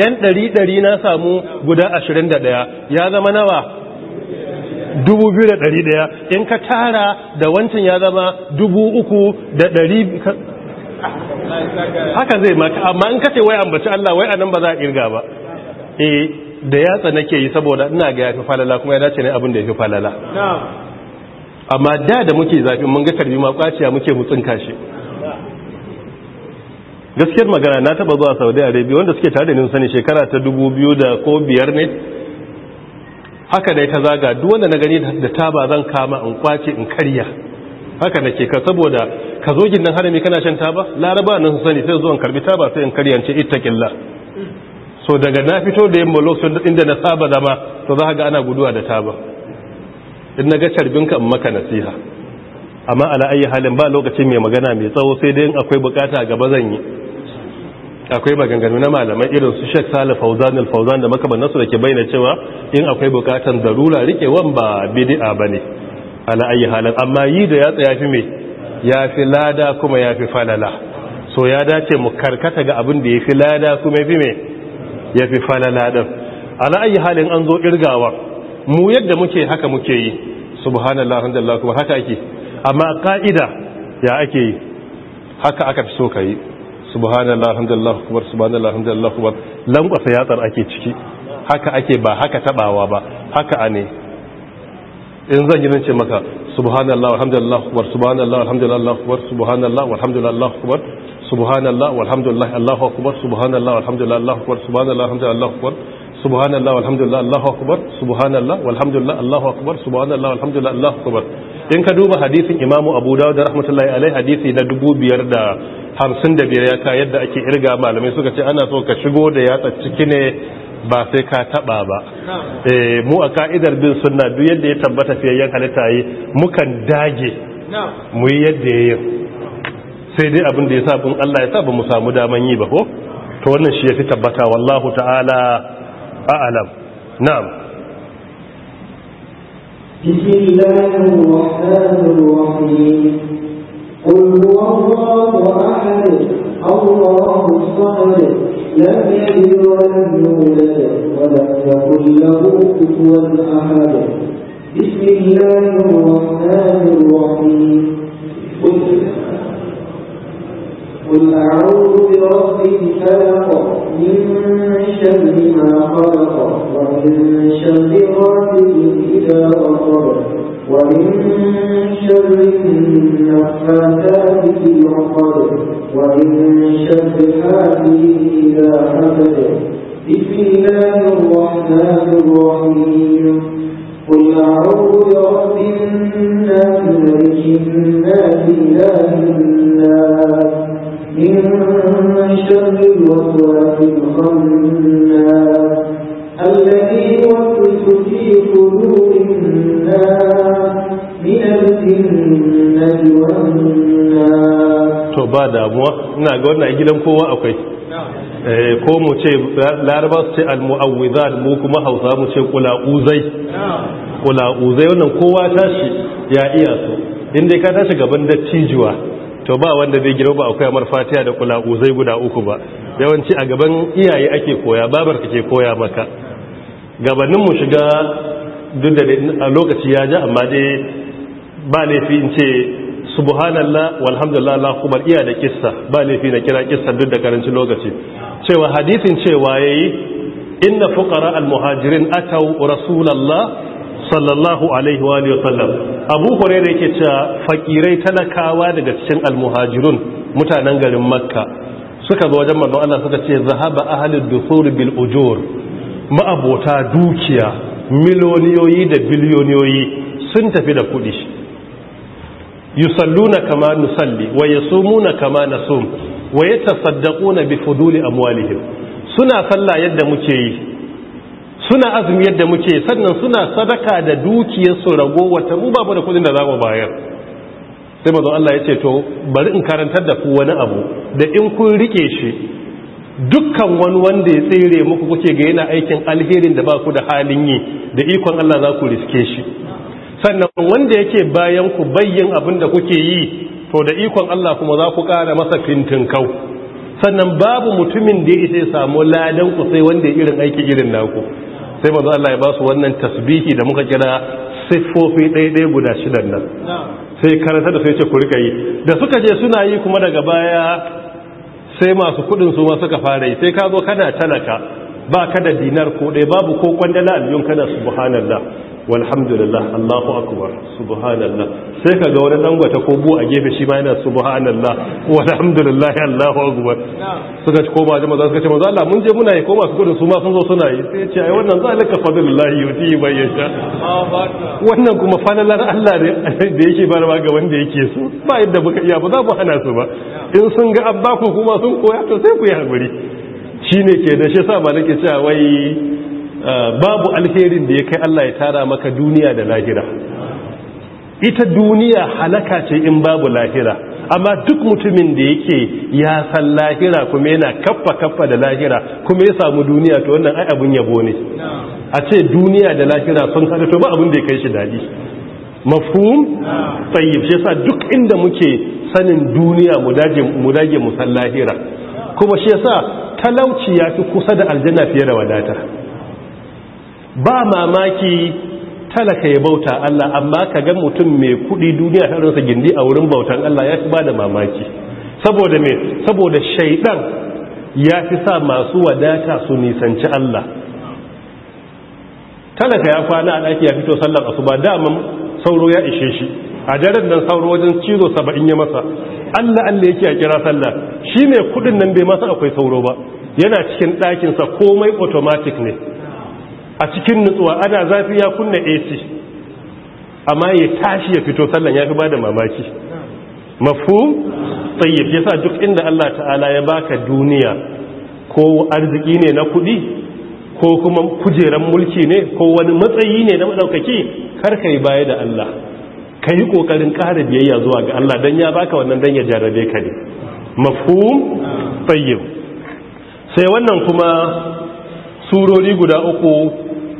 A: yan ɗari ɗari na samu guda ashirin da ɗaya ya zama nawa 2,100 in ka tara da wancan ya zama 3,100 haka zai maka amma in ka ce wai ambaci Allah wai anan ba za a irga ba eh da yatsa nake yi saboda ina ga yafi falala kuma ya dace ne abin da yafi falala amma da da muke zafi mun ga karbi ma kwaciya muke mutsin kashi gaskiyar magana na taba zuwa saudi arabia wanda suke tare da ni sani shekara ta dubu biyu da ko biyar ne haka dai ta zaga duk wanda na gani da taba zan kama in kwace in karya haka nake ka saboda ka zo gindin harami kana shan taba laraba nan sani sai zo in karbi taba sai in karyance killa. so daga na fito da yamma lokacin inda na saba zama to za ga ana guduwa da taba in naga ka in maka nasiha amma ala ayi halin ba lokaci mai magana mai tsawo sai dai in akwai bukata gaba zan yi akwai maganganu na malamai irin su shek Salih Fauzan al-Fauzan da makabannin su dake bayyana cewa in akwai bukatan darura rikewan ba bid'a bane ala ayi halin amma yi da ya tsaya fi me ya fi lada kuma ya fi falala so ya dace mu karkata ga abin da ya fi lada kuma ya fi me ya fi falala din ala ayi halin an zo irgawa mu yadda muke haka muke yi subhanallahi alhamdulillah kuma haka ake amma ka'ida ya ake yi haka aka fi so ka subhanallah alhamdulillah kubar subhanallah alhamdulillah kubar lankwasa yatsar ake ciki haka ake ba haka tabawa ba haka a ne in zan yi nan ce maka subhanallah alhamdulillah kubar subhanallah alhamdulillah kubar subhanallah alhamdulillah kubar subhanallah alhamdulillah allahu akbar subhanallah alhamdulillah allahu akbar subhanallah alhamdulillah allahu akbar subhanallah alhamdulillah allahu akbar subhanallah alhamdulillah allahu akbar subhanallah alhamdulillah allahu akbar in ka duba hadisin imamu abu dawud da rahmatullahi alai hadisi na dubu biyar da hamsin da biyar ya ka yadda ake irga malamai suka ce ana so ka shigo da yatsa ciki ne ba sai ka taba ba eh, mu a ka'idar bin sunna duk yadda ya tabbata fiye yan halitta yi mukan dage mu yi yadda ya yi sai dai abin da ya sa bin Allah ya sa ba mu samu daman yi ba ko to wannan shi ya fi tabbata wallahu ta'ala a'alam na'am
D: بسم الله الرحمن الرحيم قل هو الله أحد الله الصمد لم يلد ولم يولد ولم يكن له كفوا أحد بسم الله الرحمن الرحيم قل أعوذ برب الفلق من شر ما خلق ومن شر غاسق إذا وقب ومن شر النفاثات في العقد ومن شر حاسد إذا حسد بسم الله الرحمن الرحيم قل أعوذ برب الناس ملك الناس إله الناس من شر الوسواس الخناس الذي يوسوس في قلوب الناس من الجنة والناس.
A: To ba damuwa, ina ga wannan gidan kowa akwai. Eh, ko mu ce laraba su ce al-mu'awwizat mu kuma hausa mu ce kula'uzai kula'uzai wannan kowa tashi ya iya so inda ka tashi gaban dattijuwa to ba wanda zai girma ba akwai amar fatiha da kula zai guda uku ba yawanci a gaban iyaye ake koya babar ke koya maka Gabaninmu shiga duk da a lokaci ya ji amma dai ba laifi in ce subhanallah walhamdulillah la kuma iya da kissa ba laifi na kira kissa duk da karanci lokaci cewa hadisin cewa yayi inna fuqara almuhajirin atau rasulallah sallallahu alaihi wa sallam abu huraira yake cewa fakirai talakawa daga cikin almuhajirun mutanen garin makka suka zo wajen manzon Allah suka ce zahaba ahlud dusur bil ujur ma'abota dukiya miloniyoyi da biliyoniyoyi sun tafi da kudi yusalluna kama nusalli wa yasumuna kama nasum wa yatasaddaquna bi fuduli amwalihim suna sallah yadda muke yi suna azumi yadda muke sannan suna sadaka da dukiyarsu rago wata mu babu da kudin da za mu bayar sai bazo Allah ya ce to bari in karantar da ku wani abu da in kun rike shi dukkan wani wanda ya tsere muku kuke ga yana aikin alherin da ba ku da halin yi da ikon Allah za ku riske shi sannan wanda yake bayan ku bayyin abin da kuke yi to da ikon Allah kuma za ku ƙara masa fintin kau sannan babu mutumin da ya isa ya samu ladan ku sai wanda ya irin aiki irin naku sai manzo Allah ya ba su wannan tasbihi da muka kira siffofi ɗaiɗai guda shidan nan sai karanta da sai ce ku rika yi da suka je suna yi kuma daga baya sai masu kudin su ma suka fara yi sai ka zo kana talaka ba ka da dinar ko ɗaya babu ko kwandala aliyun kana subhanallah walhamdulillah Allahu akbar subhanallah sai kaga wani dangwata ko bu a gefe shi ma yana subhanallah walhamdulillah Allahu akbar suka ci ko ba ji za su kace manzo Allah mun je muna yi koma su gudun su ma sun zo suna yi sai ce ai wannan zalika fadlullahi yuti bai yasha wannan kuma fadalar Allah ne da yake bar ba ga wanda yake so ba yadda muka iya ba za mu hana su ba in sun ga abba ku kuma sun koya to sai ku yi hakuri shine ke da shi sa ba nake cewa wai babu alherin da ya kai Allah ya tara maka duniya da lahira ita duniya halaka ce in babu lahira amma duk mutumin da yake ya san lahira kuma yana kaffa kaffa da lahira kuma ya samu duniya to wannan ai abun yabo ne a ce duniya da lahira sun hada to ba abin da ya kai shi dadi mafhum tayyib shi yasa duk inda muke sanin duniya mu dage mu dage mu san lahira kuma shi yasa talauci ya fi kusa da aljanna fiye da wadata ba mamaki talaka ya bauta Allah amma ka ga mutum mai kudi duniya ta rinsa gindi a wurin bautan Allah ya fi ba da mamaki saboda me saboda shaidan ya fi sa masu wadata su nisanci Allah talaka ya kwana a ɗaki ya fito sallar asuba daman sauro ya ishe shi a daren nan sauro wajen cizo saba'in ya masa Allah Allah yake a kira sallah shi mai kudin nan bai masa akwai sauro ba yana cikin ɗakinsa komai automatic ne a cikin nutsuwa ana zafi ya kunna ac amma ya tashi ya fito sallan ya fi ba da mamaki mafu tsayyar ya sa duk inda Allah ta'ala ya baka duniya ko arziki ne na kudi ko kuma kujeran mulki ne ko wani matsayi ne na maɗaukaki karka yi baya da Allah ka yi ƙoƙarin ƙara biyayya zuwa ga Allah don ya baka wannan dan ya jarrabe ka ne mafhum tsayyar sai wannan kuma surori guda uku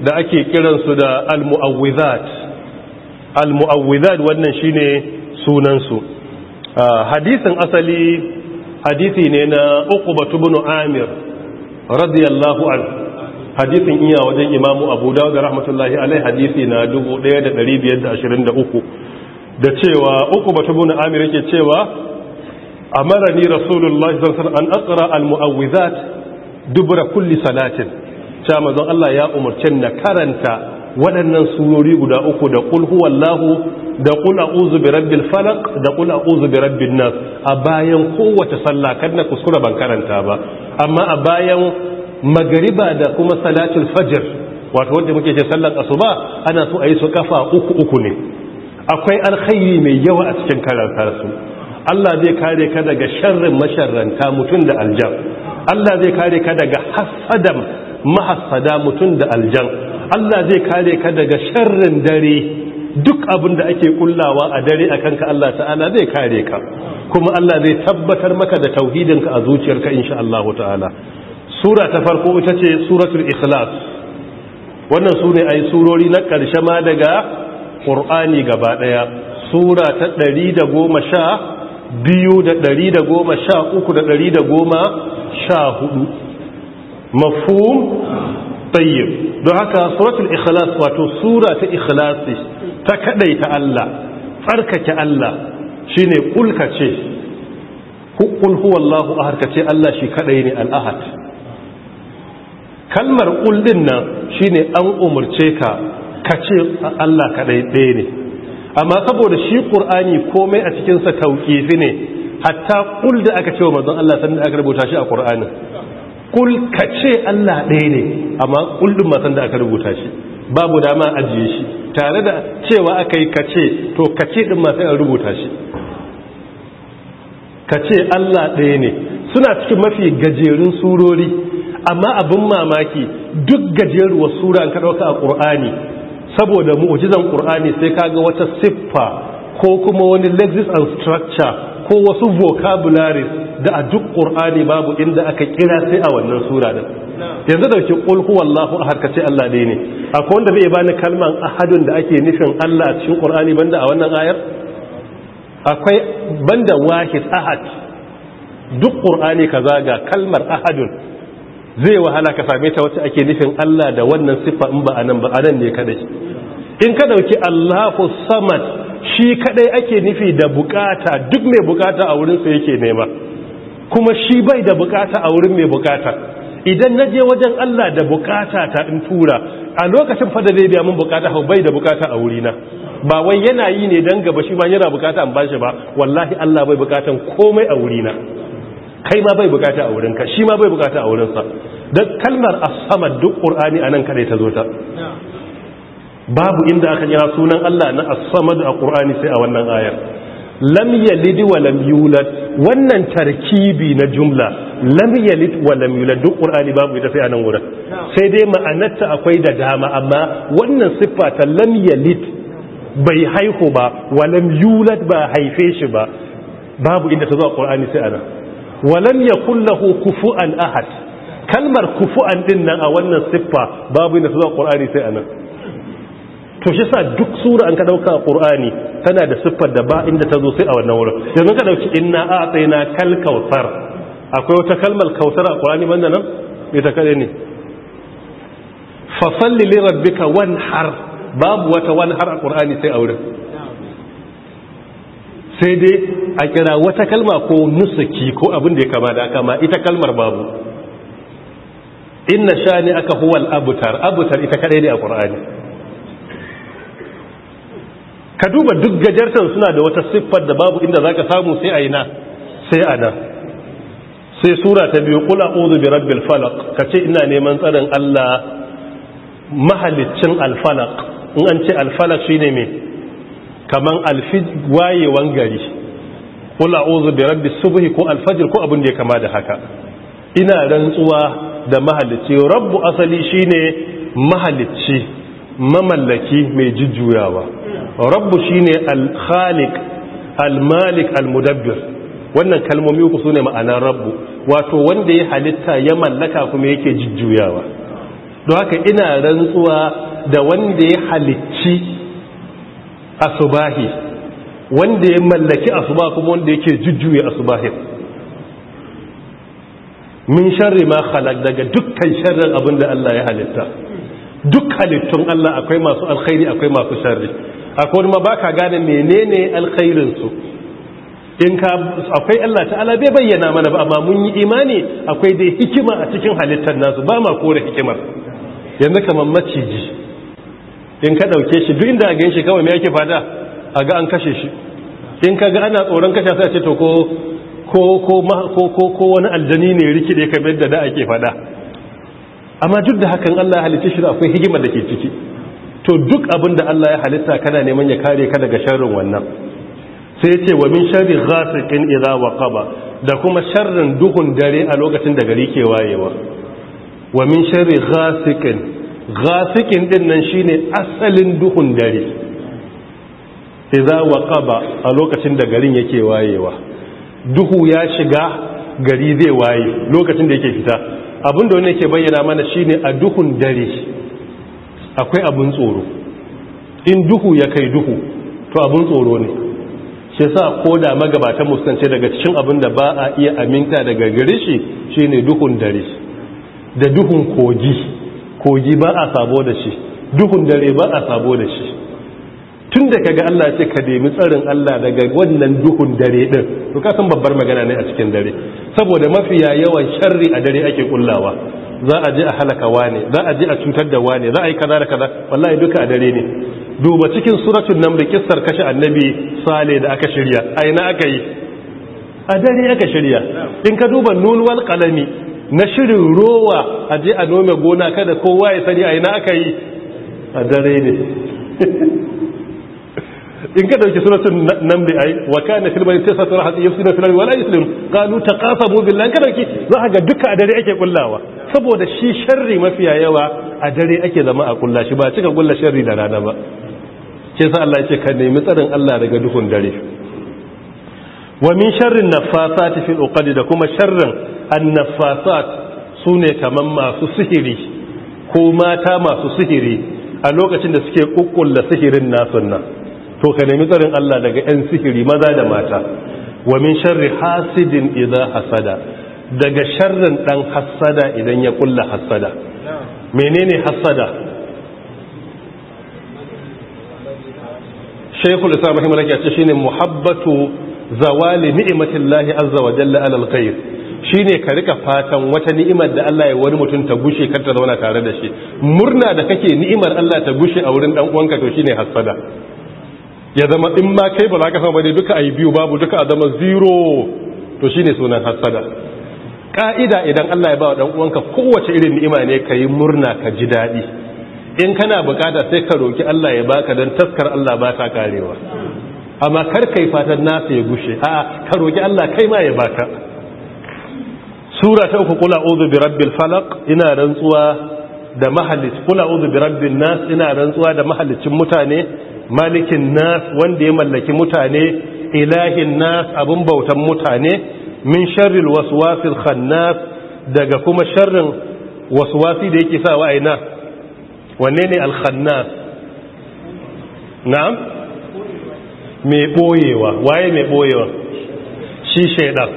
A: da ake kiransu da al-mu'awwidhat al-mu'awwidhat wannan shine sunansu ah, hadisin asali hadisi ne na uqbah ibn amir radiyallahu anhu hadisin iya wajen imam abu dawud rahmatullahi alai hadisi na 1523 da cewa uku batu amir yake cewa amarani rasulullahi sallallahu alaihi wasallam an aqra almu'awwizat dubra kulli salatin cewa manzon Allah ya umarci na karanta waɗannan surori guda uku da qul huwallahu da qul a'udhu rabbil falaq da qul a'udhu rabbin nas a bayan kowace sallah kar na kuskura ban karanta ba amma a bayan magariba da kuma salatul fajr wato wanda muke ce sallar asuba ana so a yi su kafa uku uku ne akwai alkhairi mai yawa a cikin karanta su Allah zai kare ka daga sharrin masharranta mutum da aljab Allah zai kare ka daga hasadam mahassada mutum da aljan Allah zai kare ka daga sharrin dare duk abin da ake kullawa a dare a kanka Allah ta'ala zai kare ka kuma Allah zai tabbatar maka da tauhidinka a zuciyarka insha Allah ta'ala sura ta farko ita ce suratul ikhlas wannan su ne ai surori na ƙarshe ma daga ƙur'ani gaba ɗaya sura ta ɗari da goma sha biyu da ɗari da goma sha uku da ɗari da goma sha hudu mafhum tayyib don haka suratul ikhlas wato sura ta ikhlasi ta kadaita Allah tsarkake Allah shine kulka ce kul huwallahu ahad kace Allah shi kadai ne al'ahad. kalmar kul nan shine an umarce ka kace Allah kadai ɗaya ne amma saboda shi ƙur'ani komai a cikin sa ne hatta kul da aka ce wa manzon Allah sannan aka rubuta shi a ƙur'ani. kul ka ce Allah ɗaya ne amma kullum masan da aka rubuta shi babu dama ajiye shi tare da cewa aka yi kace to kace ce ɗin masu an rubuta shi ka Allah ɗaya ne suna cikin mafi gajerun surori amma abin mamaki duk gajeruwar sura an ka ɗauka a ƙur'ani saboda mu'ujizan ƙur'ani sai ka ga wata siffa ko kuma wani lexis and structure ko wasu vocabularies da a duk ƙur'ani babu inda aka kira sai a wannan sura din yanzu da ke ƙulhu wallahu a harkace Allah ɗaya ne akwai wanda zai bani kalman ahadun da ake nufin Allah a cikin ƙur'ani banda a wannan ayar akwai banda wahid ahad duk ƙur'ani ka zaga kalmar ahadun zai wahala ka same ta wacce ake nufin Allah da wannan siffa in ba a ba a nan ne kadai in ka ɗauki Allahu samad shi kadai ake nufi da bukata duk mai bukata a wurinsa yake nema kuma shi bai da bukata a wurin mai bukata idan na je wajen Allah da bukata ta in tura a lokacin fada zai biya min bukata hau bai da bukata a wurina ba wai yana yi ne don gaba shi ma yana bukata an bashi ba wallahi Allah bai bukatan komai a wurina kai ma bai bukata a wurinka shi ma bai bukata a wurinsa don kalmar asama duk ƙur'ani a nan kaɗai ta zo ta babu inda aka yi sunan Allah na as a Qur'ani sai a wannan ayar lam yalid wa lam yulad wannan tarkibi na jumla lam yalid wa lam yulad duk Qur'ani babu ita sai a nan wurin sai dai ma'anarta akwai da dama amma wannan siffa ta lam yalid bai haihu ba wa lam yulad ba haife shi ba babu inda ta zo a Qur'ani sai a nan wa lam yakul lahu kufuwan ahad kalmar kufuwan din nan a wannan siffa babu inda ta zo a Qur'ani sai a nan to shi sa duk sura an ka dauka a qur'ani tana da siffar da ba inda ta zo sai a wannan wurin yanzu ka dauki inna a'tayna kal kautsar akwai wata kalmar kautsar a qur'ani banda nan ita kare ne fa salli li rabbika wanhar babu wata wanhar a qur'ani sai a wurin sai dai a kira wata kalma ko nusuki ko abin da ya kama da kama ita kalmar babu inna shani aka huwal abutar abutar ita kadai ne a qur'ani ka duba duk gajartar suna da wata siffar da babu inda za ka samu sai a yi na, sai a nan sai sura ta biyu kula uzu bi alfalak falaq ce ina neman tsarin Allah mahaliccin alfalak in an ce alfalak shine ne kaman kamar wayewan gari kula uzu bi rabbi, subuhi, ko alfajir ko abin da ya kama da haka ina rantsuwa da mahalicci rabbu asali shine mahalicci mamallaki mai jujjuyawa rabbu shine al-khaliq al-malik al-mudabbir wannan kalmomi uku sune ma'anar rabbu wato wanda ya halitta ya mallaka kuma yake jujjuyawa don haka ina rantsuwa da wanda ya halicci asubahi wanda ya mallaki asuba kuma wanda yake jujjuya asubahi min sharri ma khalaq daga dukkan sharrin abinda Allah ya halitta duk halittun Allah akwai masu alkhairi akwai masu sharri akwai ma baka gane menene alkhairin in ka akwai Allah ta'ala bai bayyana mana ba amma mun yi imani akwai dai hikima a cikin halittar nasu ba ma kore hikimar yanzu kamar maciji in ka dauke shi duk inda ga shi kawai me yake fada a ga an kashe shi in ka ga ana tsoron kashe sai ce to ko ko ko ko ko wani aljani ne rikide kamar da da ake fada amma duk da hakan Allah ya shi akwai hikima da ke ciki to duk abin da Allah ya halitta kana neman ya kare ka daga sharrin wannan sai ce wa min sharri ghasiqin idza waqaba da kuma sharrin duhun dare a lokacin da gari ke wayewa wa min sharri ghasiqin ghasiqin din nan shine asalin duhun dare idza waqaba a lokacin da garin yake wayewa duhu ya shiga gari zai waye lokacin da yake fita abinda wani yake bayyana mana shine a duhun dare akwai abin tsoro in duhu ya kai duhu to abin tsoro ne shi sa ko da magabatan muskance daga cikin abin da ba a iya aminta daga gari shi shine duhun dare da duhun kogi kogi ba a sabo da shi duhun dare ba a sabo da shi tun da kaga Allah ce ka demi tsarin Allah daga wannan duhun dare din to ka san babbar magana ne a cikin dare saboda mafiya yawan sharri a dare ake kullawa za a je a halaka wane za a je a cutar da wane za a yi kaza da kaza wallahi duka a dare ne duba cikin suratul nan kissar kashe annabi sale da aka shirya aina aka yi a dare aka shirya in ka duba nun wal qalami na shirin rowa a je a nome gona kada kowa ya sani aina aka yi a dare ne [laughs] in ka dauki suratul namli ay wa kana fil bayt tasatu rahat yusina fil ardi wa la yuslim qalu taqasabu billahi ka dauki za ga duka a dare ake kullawa saboda shi sharri mafi yawa a dare ake zama a kulla shi ba cika kulla sharri da rana ba sai sa Allah yake ka nemi tsarin Allah daga duhun dare wa min sharrin naffasati fil uqad da kuma sharrin nafasat sune kaman masu sihiri ko mata masu sihiri a lokacin da suke kukkulla sihirin nasu nan to ka nemi tsarin Allah daga 'yan sihiri maza da mata wa min sharri hasidin idza hasada daga sharrin dan hasada idan ya kulla hasada menene hasada al Islam rahimahullah ya ce shine muhabbatu zawali ni'matillahi azza wa jalla al khair shine ka rika fatan wata ni'imar da Allah ya wani mutum ta gushe kar ta zauna tare da shi murna da kake ni'imar Allah ta gushe a wurin dan uwanka to shine hasada ya zama in ma kai ba za ka samu ne duka a yi biyu babu duka a zama zero to shi ne sunan hasada ƙa'ida idan Allah ya ba wa ɗan'uwanka kowace irin ni'ima ne ka yi murna ka ji daɗi in kana bukata sai ka roƙi Allah ya baka don taskar Allah ba ta karewa amma kar kai fatan nasa ya gushe a ka roƙi Allah kai ma ya baka sura ta uku kula uzu bi falaq ina rantsuwa da kula uzu bi nas ina rantsuwa da mahallicin mutane malikin nas wanda ya mallaki mutane ilahin nas abin bautan mutane min sharril waswasil khannas daga kuma sharrin waswasi da yake sawa aina wanne ne al-khannas na'am me boyewa waye me boyewa shi shaidan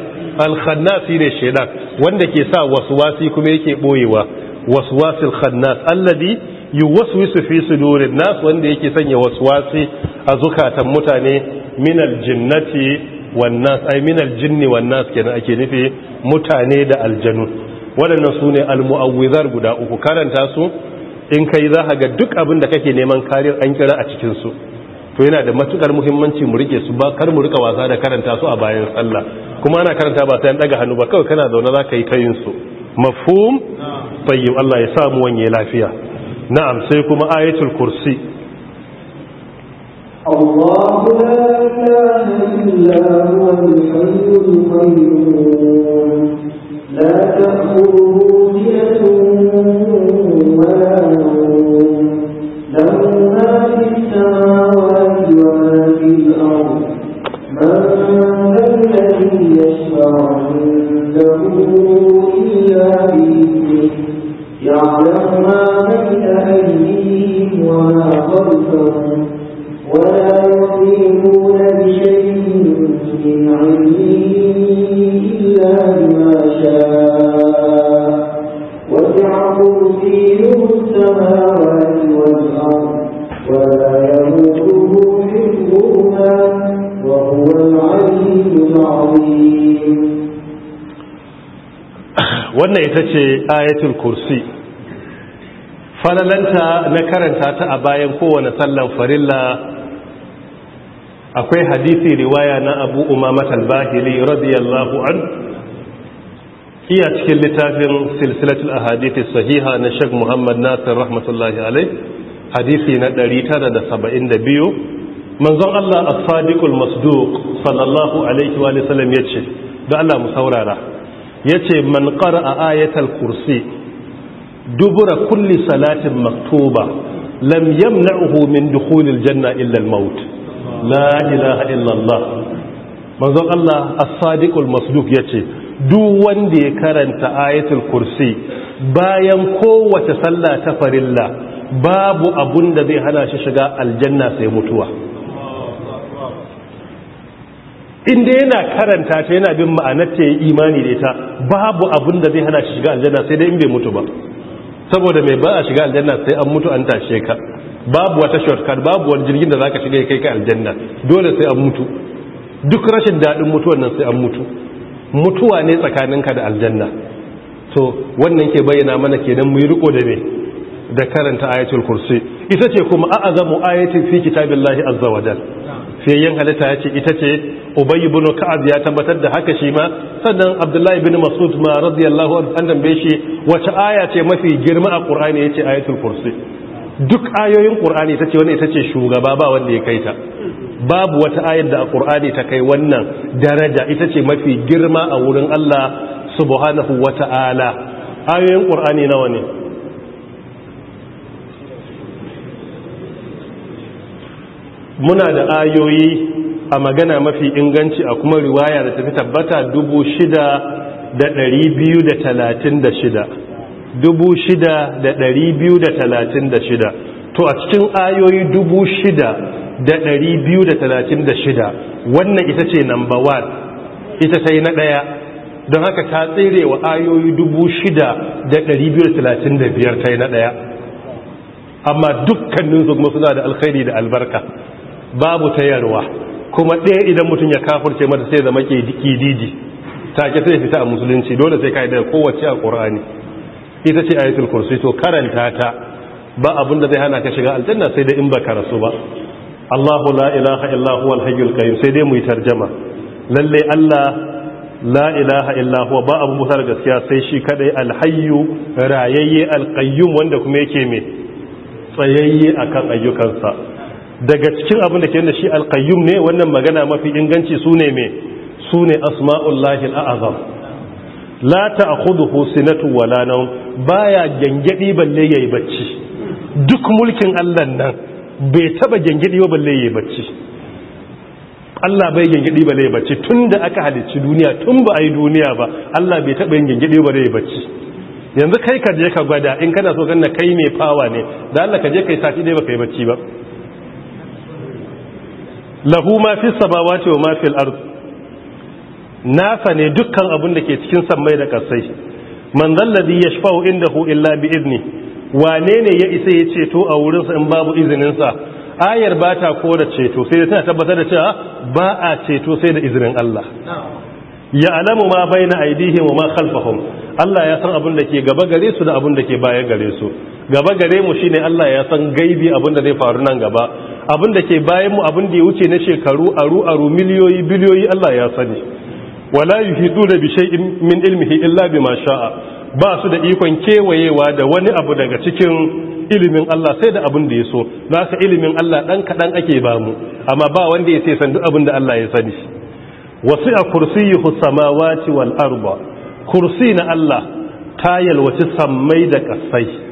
A: al-khannas ne shaidan wanda ke sa waswasi kuma yake boyewa waswasil khannas alladhi yuwaswisu fi sudurin nas wanda yake sanya waswasi a zukatan mutane minal jinnati wan nas minal jinni wan nas kenan ake nufi mutane da aljanu waɗannan sune almu'awwizar guda uku karanta su in kai za ka ga duk abin da kake neman kariyar an kira a cikin su to yana da matukar muhimmanci mu rike su ba kar mu rika wasa da karanta su a bayan sallah kuma ana karanta ba sai an daga hannu ba kawai kana zaune za ka yi kayin su mafhum tayyib Allah ya samu wanye lafiya نعم سيكون آية الكرسي
D: الله لا إله إلا هو الحي القيوم لا تأخذه سنة يعلم ما بين أيديهم وما خلفهم ولا يحيطون بشيء من علمه إلا بما شاء وسع كرسيه السماوات والأرض ولا يموته حفظهما
A: وهو العلي العظيم wannan ita ce ayatul kursi falalanta na karanta ta a bayan kowane sallan farilla akwai hadisi riwaya na abu umar al-bahili radiyallahu an iya cikin littafin silsilatul ahadithi sahiha na Sheikh Muhammad Nasir rahmatullahi alai hadisi na 972 manzon Allah as-sadiqul masduq sallallahu alaihi wa sallam yace da Allah mu saurara yace man qara'a ayatal kursi dubura kulli salatin maktuba lam yamna'uhu min dukhulil janna illa al-maut la ilaha illa Allah manzon Allah as-sadiqul masduq yace duk wanda ya karanta ayatul kursi bayan kowace sallah ta farilla babu abun da zai hana shi shiga aljanna sai mutuwa inda yana karanta ta yana bin ma'anar ta yi imani da ita babu abun da zai hana shiga aljanna sai dai in bai mutu ba saboda mai ba a shiga aljanna sai an mutu an tashe ka babu wata shortcut babu wani jirgin da zaka shiga kai ka aljanna dole sai an mutu duk rashin dadin mutuwan nan sai an mutu mutuwa ne tsakanin ka da aljanna to wannan ke bayyana mana kenan mu yi riko da me da karanta ayatul kursi ita ce kuma a'azamu ayatin fi kitabillahi azza wajal fiyayyen halitta ya ce ita ce ubay bin ka'ab ya tabbatar da haka shi ma sannan abdullahi bin mas'ud ma radiyallahu anhu an dambe shi wace aya ce mafi girma a qur'ani yace ayatul kursi duk ayoyin qur'ani ce ita ce shugaba ba wanda ya ta babu wata ayar da a qur'ani ta kai wannan daraja ita ce mafi girma a wurin Allah subhanahu wata'ala ayoyin qur'ani nawa ne muna da ayoyi a magana mafi inganci a kuma riwaya da tafi tabbata dubu shida da ɗari biyu da talatin da shida dubu shida da ɗari biyu da talatin da shida to a cikin ayoyi dubu shida da ɗari biyu da talatin da shida wannan ita ce number one ita ta yi na ɗaya don haka ta tsere wa ayoyi dubu shida da ɗari biyu da talatin da biyar ta yi na ɗaya amma dukkaninsu kuma suna da alkhairi da albarka babu tayarwa kuma ɗaya idan mutum ya ce mata sai zama ke ta ke sai fita a musulunci dole sai kai da kowace a ƙorani ita ce ayatul kursi to karanta ta ba abin da zai hana ka shiga aljanna sai da in baka rasu ba Allahu la ilaha illahu huwal qayyum sai dai mu yi tarjuma lalle Allah la ilaha illahu ba abu musar gaskiya sai shi kadai alhayyu rayayye alqayyum wanda kuma yake me tsayayye akan ayyukansa daga cikin abin da ke da shi alƙayyum ne wannan magana mafi inganci su ne mai su ne asma'ullahi al'azam la ta'khudhu sinatu wala ba baya gangadi balle yi bacci duk mulkin Allah nan bai taba gyangyaɗi ba balle yi bacci Allah bai gangadi balle yi bacci tun da aka halicci duniya tun ba a yi duniya ba Allah bai taba yin gangadi balle yi bacci yanzu kai ka je ka gwada in kana so ganna kai mai fawa ne da Allah ka je kai sati dai baka yi bacci ba lahu ma fi samawati wa ma fil ard nasa ne dukkan abin da ke cikin sammai da kasai man zalladhi yashfa'u indahu illa bi idni wane ne ya isa ya ceto a wurin sa in babu izinin sa ayar ba ta kora ceto sai da tana tabbatar da cewa ba a ceto sai da izinin Allah ya alamu ma baina aidihim wa ma khalfahum Allah ya san abin da ke gaba gare su da abin da ke baya gare su gaba gare mu shine Allah ya san gaibi abin da zai faru nan gaba abinda ke bayan mu abin da ya wuce na shekaru aru aru miliyoyi biliyoyi Allah ya sani wala da bi shay'in min ilmihi illa bima sha'a ba su da ikon kewayewa da wani abu daga cikin ilimin Allah sai da abin da ya so naka ilimin Allah dan kadan ake ba mu amma ba wanda ya san duk abin da Allah ya sani wasi'a kursiyyuhu samawati wal arda kursi na Allah ta yalwaci sammai da kasai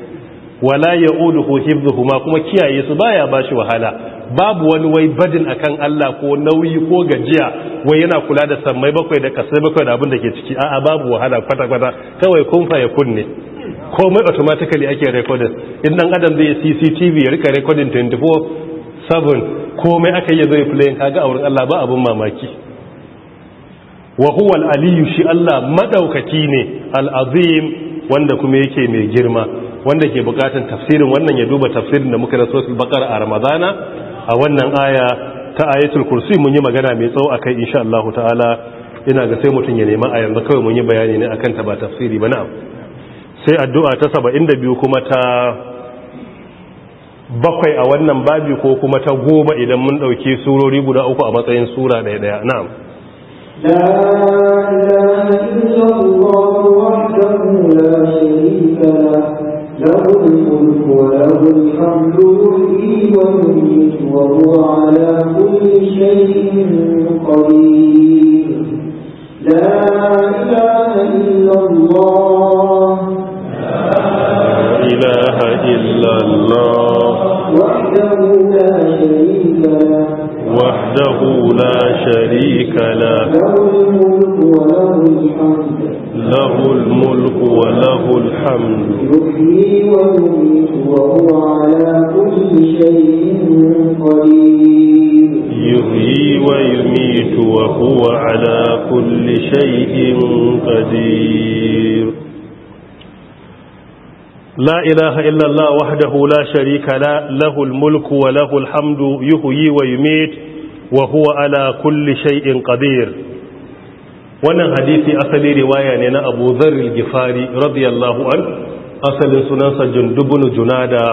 A: wala ya ya'uduhu ma kuma kiyaye su baya bashi wahala babu wani wai badin akan Allah ko nauyi ko gajiya wai yana kula da sammai bakwai da kasai bakwai da abin da ke ciki a'a babu wahala kwata kwata kawai kun fa ya kunne komai automatically ake recording in dan adam zai CCTV ya rika recording 24 7 komai aka yi zai playing kaga a wurin Allah ba abun mamaki wa huwa shi Allah madaukaki ne al wanda kuma yake mai girma wanda ke bukatan tafsirin wannan ya duba tafsirin da muka rasu sosul bakar a ramadana a wannan aya ta ayatul kursi mun yi magana mai tsawo a kai insha Allah ta'ala ina ga sai mutum ya nema a yanzu kawai mun yi bayani ne akan ta ba tafsiri ba na'am sai addu'a ta 72 kuma ta bakwai a wannan babi ko kuma ta goma idan mun ɗauki surori guda uku a matsayin sura daya daya na'am
D: لا إله إلا الله وحده لا شريك له له الملك وله الحمد يحيي وهو على كل شيء قدير لا إله إلا
C: الله
D: وحده لا شريك له
C: وحده لا شريك له له
D: الملك وله الحمد يحيي ويميت وهو على كل شيء قدير
C: يحيي ويميت وهو على كل شيء قدير
A: لا إله إلا الله وحده لا شريك له له الملك وله الحمد يحيي ويميت وهو على كل شيء قدير wannan hadisi asali riwaya ne na abu zarri gifari radiyallahu an asalin sunansa jundubunu junada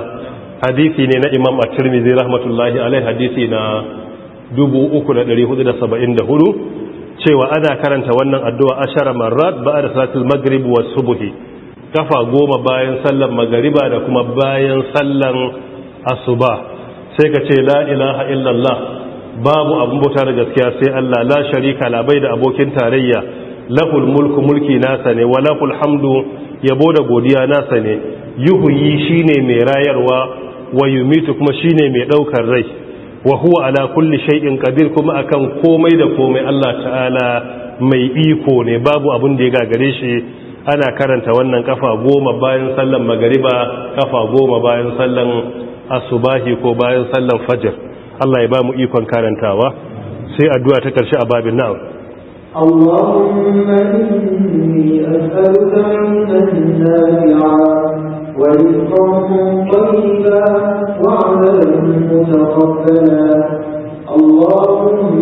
A: hadisi ne na imam a Turmizi. rahmatullahi alai hadisi na 3474 cewa ana karanta wannan addu'a ashara marat ba da salatul magrib wa subuhi kafa goma bayan sallan magariba da kuma bayan sallan asuba sai ka ce la ilaha illallah babu abun bauta da gaskiya sai Allah la sharika la bai da abokin tarayya lahul mulku mulki nasa ne wa hamdu yabo da godiya nasa ne yuhyi shine mai rayarwa wa yumitu kuma shine mai daukar rai wa huwa ala kulli shay'in qadir kuma akan komai da komai Allah ta'ala mai iko ne babu abun da ya gagare shi ana karanta wannan kafa goma bayan sallan magariba kafa goma bayan sallan asubahi ko bayan sallan fajr Allah ya ba mu ikon karantawa sai addu'a ta karshe a babin na'am
D: Allahumma inni as'aluka min nafi'a ورزقا طيبا وعملا متقبلا اللهم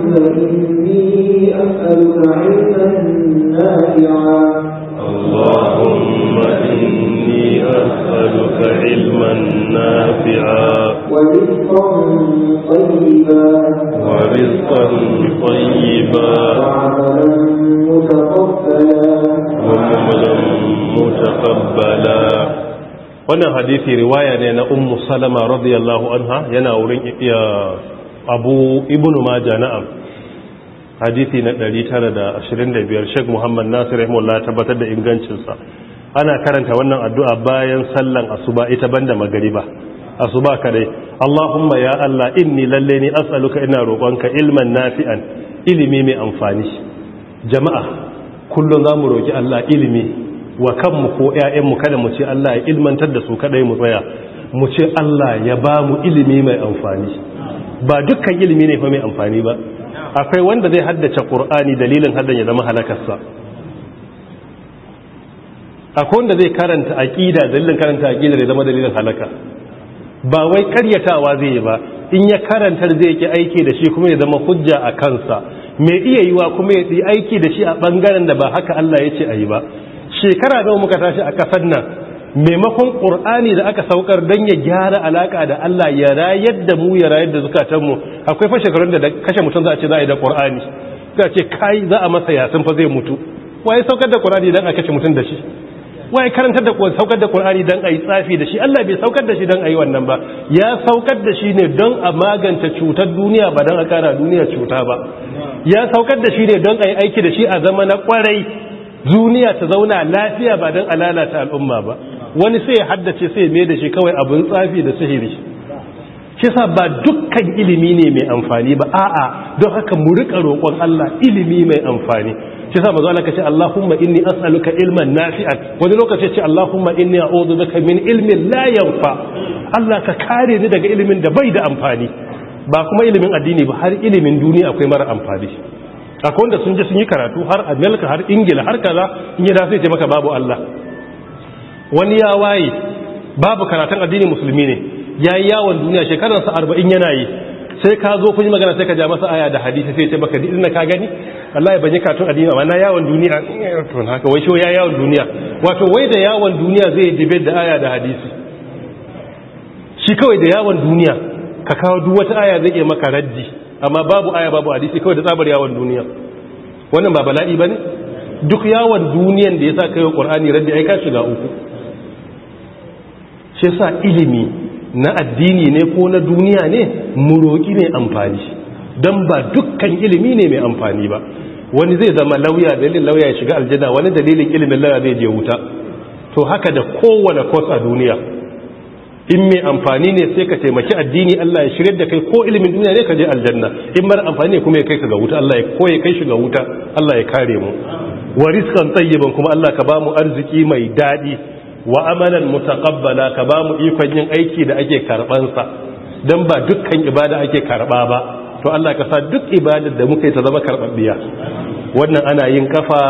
A: wannan hadisi riwaya ne na ummu salama radiyallahu anha yana wurin abu ibnu majah na'am hadisi na 925 sheikh muhammad nasir rahimahullah tabbatar da ingancinsa ana karanta wannan addu'a bayan sallan asuba ita banda magriba asuba kadai allahumma ya allah inni lalle ni as'aluka ina roƙonka ilman nafi'an ilimi mai amfani jama'a kullum zamu roki allah ilimi wa kanmu ko ‘ya'yanmu kada mu ce Allah ya ilmantar da su kadai mu tsaya mu ce Allah ya ba mu ilimi mai amfani ba dukkan ilimi ne fa mai amfani ba akwai wanda zai haddace ƙur'ani dalilin haddan ya zama halakarsa akwai wanda zai karanta aƙida dalilin karanta aƙida ya zama dalilin halaka ba wai karyatawa zai yi ba in ya karanta zai ki aiki da shi kuma ya zama hujja a kansa mai iya yiwa kuma ya aiki da shi a ɓangaren da ba haka Allah ya ce a yi ba shekara nawa muka tashi a kasar nan maimakon ƙur'ani da aka saukar don ya gyara alaƙa da Allah ya rayar da mu ya rayar da zukatanmu akwai fa shekarun da kashe mutum za a ce za a yi da ƙur'ani za a ce kai za a masa yasin fa zai mutu waye saukar da ƙur'ani don a kashe mutum da shi waye karantar da saukar da Qur'ani dan yi tsafi da shi Allah bai saukar da shi dan yi wannan ba ya saukar da shi ne don a magance cutar duniya ba dan a kara duniya cuta ba ya saukar da shi ne don a yi aiki da shi a zama na kwarai duniya ta zauna lafiya ba don alalata al'umma ba wani sai ya haddace sai ya mai da shi kawai abin tsafi da sihiri kisa ba dukkan ilimi ne mai amfani ba a'a don haka mu rika roƙon Allah ilimi mai amfani kisa mazo Allah ce Allahumma inni as'aluka ilman nafi'an wani lokaci ce Allahumma inni a'udhu bika min ilmin la yanfa Allah ka kare ni daga ilimin da bai da amfani ba kuma ilimin addini ba har ilimin duniya akwai mara amfani akwai wanda sun je sun yi karatu har amerika har ingila har kaza in yi dasu ce maka babu allah wani ya waye babu karatun addini musulmi ne ya yi yawon duniya shekararsa arba'in yana yi sai ka zo kun yi magana sai ka ja masa aya da hadisi sai ce baka na ka gani Allah ya banyi katun addini amma na yawon duniya to haka wai shi ya yawon duniya wato wai da yawon duniya zai yi dibe da aya da hadisi shi kawai da yawon duniya ka kawo duk wata aya zai iya maka raddi amma babu aya babu hadisi kawai da tsabar yawon duniya wannan ba bala'i ba ne? duk yawon duniyan da ya kai wa ƙwar'ani ran aika shiga uku shi sa ilimi na addini ne ko na duniya ne muroƙi mai ne amfani dan ba dukkan ilimi ne mai amfani ba wani zai zama lauya dalilin lauya ya shiga aljanna wani dalilin ilimin lauya zai je wuta to haka da kowane kwas a duniya in mai amfani ne sai ka taimaki addini Allah ya shirye da kai ko ilimin duniya ne ka je aljanna in mara amfani ne kuma ya kai ka ga wuta Allah ya ko kai shi ga wuta Allah ya kare mu wa rizqan tayyiban kuma Allah ka ba mu arziki mai dadi wa amalan mutaqabbala ka bamu ikon yin aiki da ake karban sa dan ba dukkan ibada ake karba ba to Allah ka sa duk ibadar da muka yi ta zama karbabbiya wannan ana yin kafa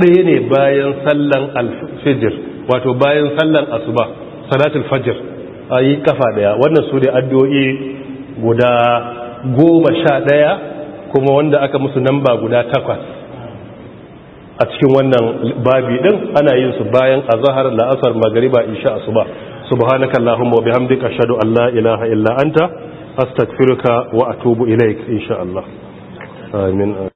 A: ɗaya ne bayan sallan alfijir wato bayan sallan asuba salatul fajr Ayi yi kafa daya wannan su ne addu'o'i guda goma sha daya kuma wanda aka musu namba guda takwas a cikin wannan babi din ana yin su bayan azahar la'asar magariba isha asuba subhanaka allahumma wa bihamdika ashhadu an la ilaha illa anta astaghfiruka wa atubu ilaik insha Allah
B: amin